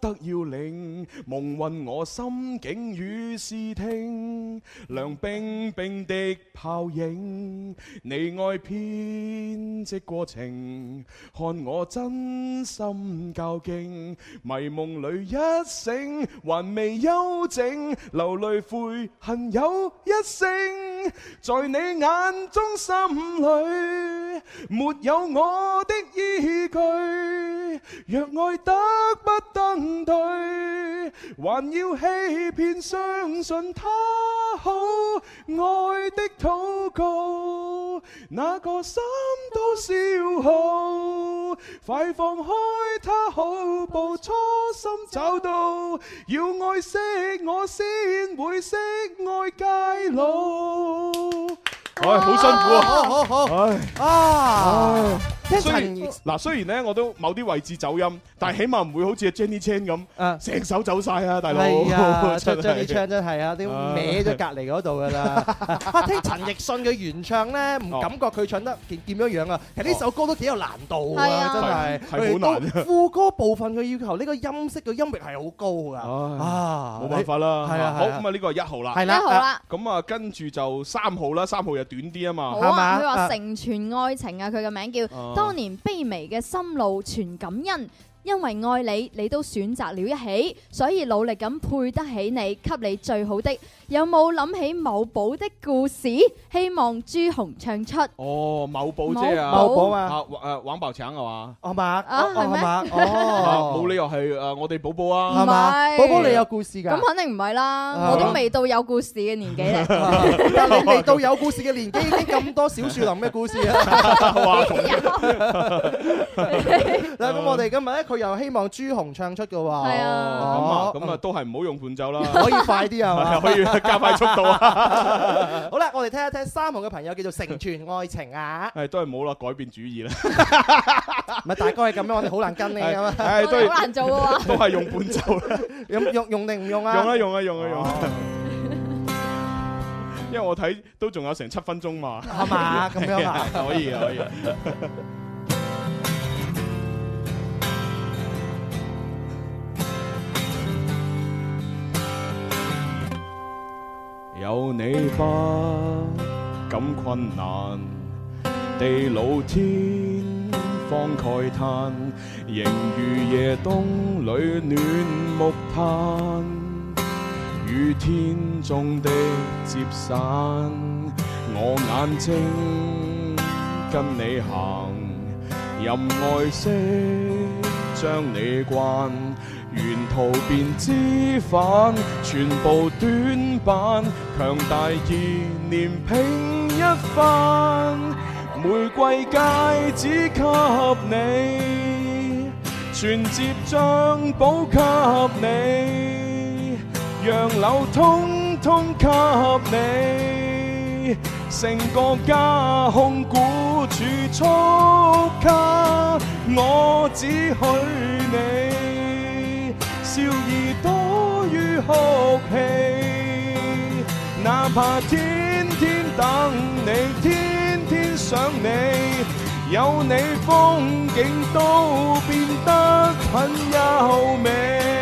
得要領。蒙混我心境與視聽，涼冰冰的泡影。你愛編織過程，看我真心較勁。迷夢裏一醒，還未休整，流淚悔恨有一聲，在你眼中心裏。沒有我的依據，若愛得不登對，還要欺騙相信他好，愛的禱告，哪個心都消耗，快放開他好，報初心找到，要愛惜我先會惜愛偕老。唉，好辛苦啊！好，好，好，唉，啊，雖然嗱，雖然咧我都某啲位置走音，但係起碼唔會好似 Jenny Chan 咁，成首走曬啊，大佬。係啊，Jenny Chan 真係啊，啲歪咗隔離嗰度㗎啦。啊，聽陳奕迅嘅原唱咧，唔感覺佢唱得點點樣樣啊。其實呢首歌都幾有難度㗎，真係。係好難。副歌部分佢要求呢個音色嘅音域係好高㗎。啊，冇辦法啦。係係。好咁啊，呢個係一號啦。係啦。咁啊，跟住就三號啦，三號又短啲啊嘛。好啊。佢話成全愛情啊，佢嘅名叫。當年卑微嘅心路，全感恩。因為愛你，你都選擇了一起，所以努力咁配得起你，給你最好的。有冇諗起某寶的故事？希望朱紅唱出。哦，某寶姐啊，某寶啊，誒，玩爆搶係嘛？阿馬啊，係咩？哦，冇理由係誒，我哋寶寶啊，係嘛？寶寶你有故事噶？咁肯定唔係啦，我都未到有故事嘅年紀咧。你未到有故事嘅年紀，點咁多小樹林咩故事啊？咁我哋今日咧。佢又希望朱紅唱出嘅話，哦，咁啊咁，哦，啊，啊，嗯、都係唔好用伴奏啦，可以快啲啊， 可以加快速度啊。 好啦，我哋聽一聽三號嘅朋友叫做成全愛情啊。誒，都係冇啦，改變主意啦。唔 係大哥係咁樣，我哋好難跟你咁啊。好難做都係 用伴奏啦，用用用定唔用啊？用啊用啊用啊用啊用。 因為我睇都仲有成七分鐘嘛。係嘛？咁樣可以啊可以。可以可以 有你不敢困難，地老天荒慨嘆，仍如夜冬裏暖木炭。雨天中的接傘，我眼睛跟你行，任愛惜將你慣，沿途便知返，全部短板。長大二年，拼一番，玫瑰戒指給你，存折、賬簿給你，洋樓通通給你，成個家控股、儲蓄卡，我只許你，笑兒多於哭泣。哪怕天天等你，天天想你，有你風景都變得很優美。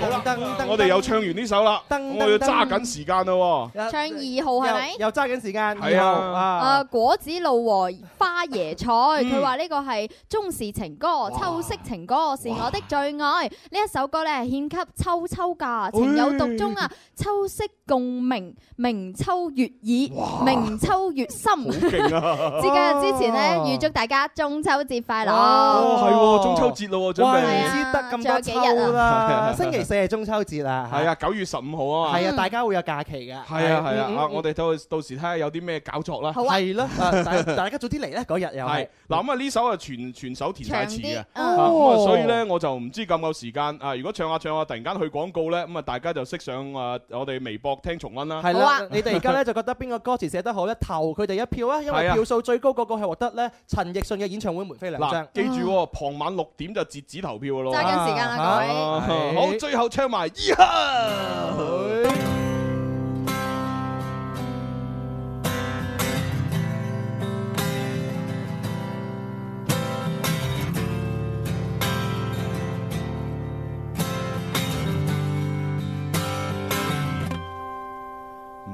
好啦，我哋又唱完呢首啦，我要揸緊時間咯。唱二號係咪？又揸緊時間。係啊，啊果子露和花椰菜，佢話呢個係中式情歌，秋色情歌是我的最愛。呢一首歌咧係獻給秋秋噶，情有獨鍾啊，秋色共鳴，明秋悅耳，明秋悅心。節假日之前咧，預祝大家中秋節快樂。係喎，中秋節啦，準備先得咁多幾日啦。星期四係中秋節啊，係啊，九月十五號啊嘛，係啊，嗯、大家會有假期嘅，係啊係啊嗯嗯嗯，啊，我哋到到時睇下有啲咩搞作啦，係咯，啊，啊、 大家早啲嚟咧，嗰日又係。嗱咁啊，呢、嗯嗯嗯嗯、首係全全首填晒詞嘅，所以咧我就唔知夠唔夠時間啊。如果唱下、啊、唱下、啊，突然間去廣告咧，咁、嗯、啊大家就識上啊我哋微博聽重温啦、啊嗯。係咯，你哋而家咧就覺得邊個歌詞寫得好咧，投佢哋一票啊，因為票數最高嗰個係獲得咧陳奕迅嘅演唱會門飛兩張。嗱，記住傍晚六點就截止投票咯。揸緊時間啊，各位，好。最後唱埋，咿、yeah! 哈！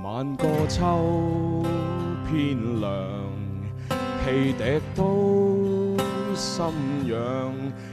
晚個秋偏涼，奇笛都心癢。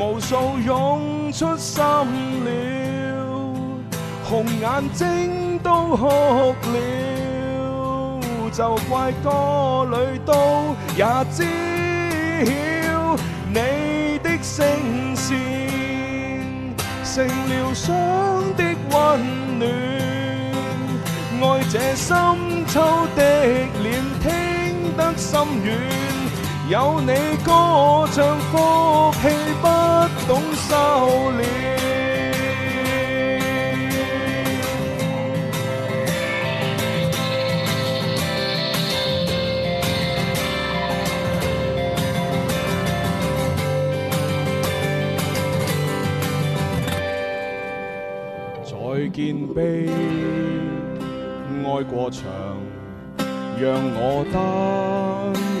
無數湧出心了，紅眼睛都哭了，就怪歌裏都也知曉你的聲線，成了傷的溫暖，愛這深秋的臉，聽得心軟。有你歌唱，福氣不懂收斂。再見，悲愛過場讓我擔。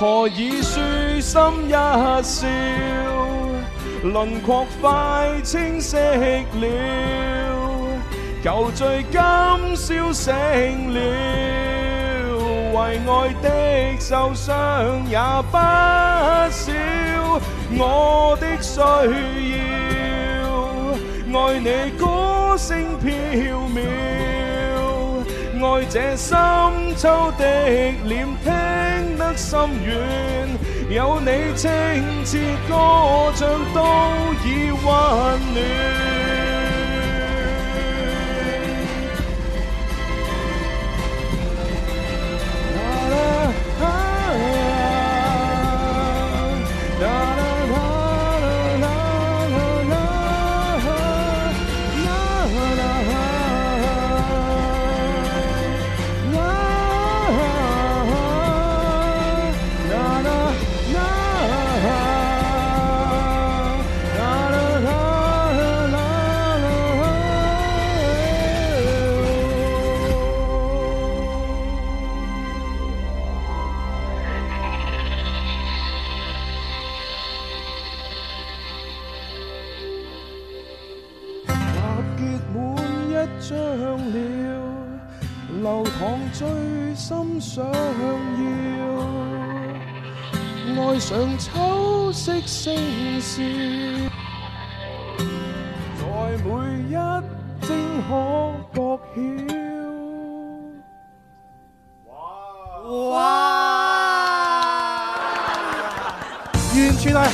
何以舒心一笑？輪廓快清晰了，舊醉今宵醒了，為愛的受傷也不少。我的需要，愛你歌聲飄渺，愛這深秋的臉。遠有你清澈歌唱都已溫暖。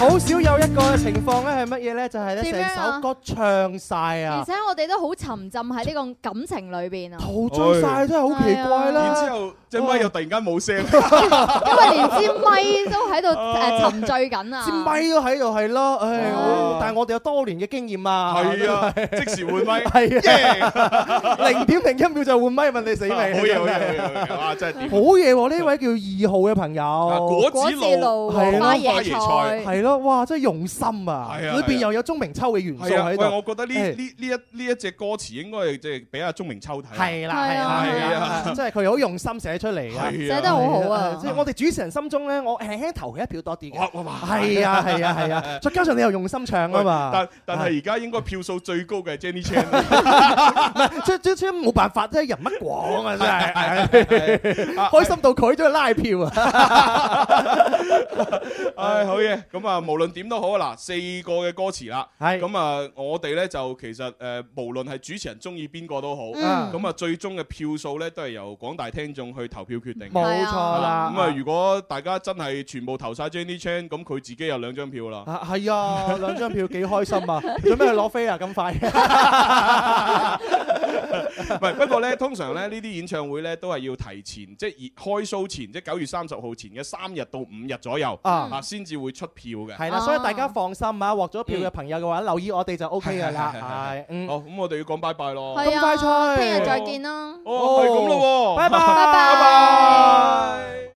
好少有一個情況咧，係乜嘢咧？就係咧，成首歌唱曬啊！而且我哋都好沉浸喺呢個感情裏邊啊！陶醉曬真係好奇怪啦！然之後，隻咪又突然間冇聲，因為連支咪都喺度誒沉醉緊啊！支咪都喺度係咯，唉，但係我哋有多年嘅經驗啊！係啊，即時換咪，係啊，零點零一秒就換咪，問你死未？好嘢，好嘢，哇！真係好嘢喎！呢位叫二號嘅朋友，果子露花椰菜，係咯。哇！真係用心係啊啊，裏邊又有鐘明秋嘅元素喺度。係我覺得呢呢呢一呢一隻歌詞應該係即係俾阿鐘明秋睇。係啦，係啊，真係佢好用心寫出嚟啊，寫得好好啊！即係、就是、我哋主持人心中咧，我輕輕、嗯、投佢一票多啲嘅。係啊，係 啊樂，係啊！再加上你又用心唱啊嘛。但但係而家應該票數最高嘅 Jenny Chan，即即冇辦法，即、呃、係人乜講啊！真係，係開心到佢都要拉票啊！唉，好 嘢樂，咁啊～ 無論點都好嗱，四個嘅歌詞啦，咁啊，我哋咧就其實誒，無論係主持人中意邊個都好，咁、嗯、啊，最終嘅票數咧都係由廣大聽眾去投票決定的。冇錯啦。咁、嗯、啊，如果大家真係全部投晒《Jenny Chan》，咁佢自己有兩張票啦。係啊，是 兩張票幾開心啊！做 咩去攞飛啊咁快？唔 不，不過咧，通常咧呢啲演唱會咧都係要提前，即、就、係、是、開 show 前，即係九月三十號前嘅三日到五日左右、嗯、啊，先至會出票的。係啦、哦，所以大家放心啊！獲咗票嘅朋友嘅話、嗯，留意我哋就 OK 噶啦，係嗯。好、哦，咁我哋要講拜拜咯，咁快趣，聽日再見咯哦，係、哦、咁、哦、咯，拜拜拜拜。拜拜拜拜。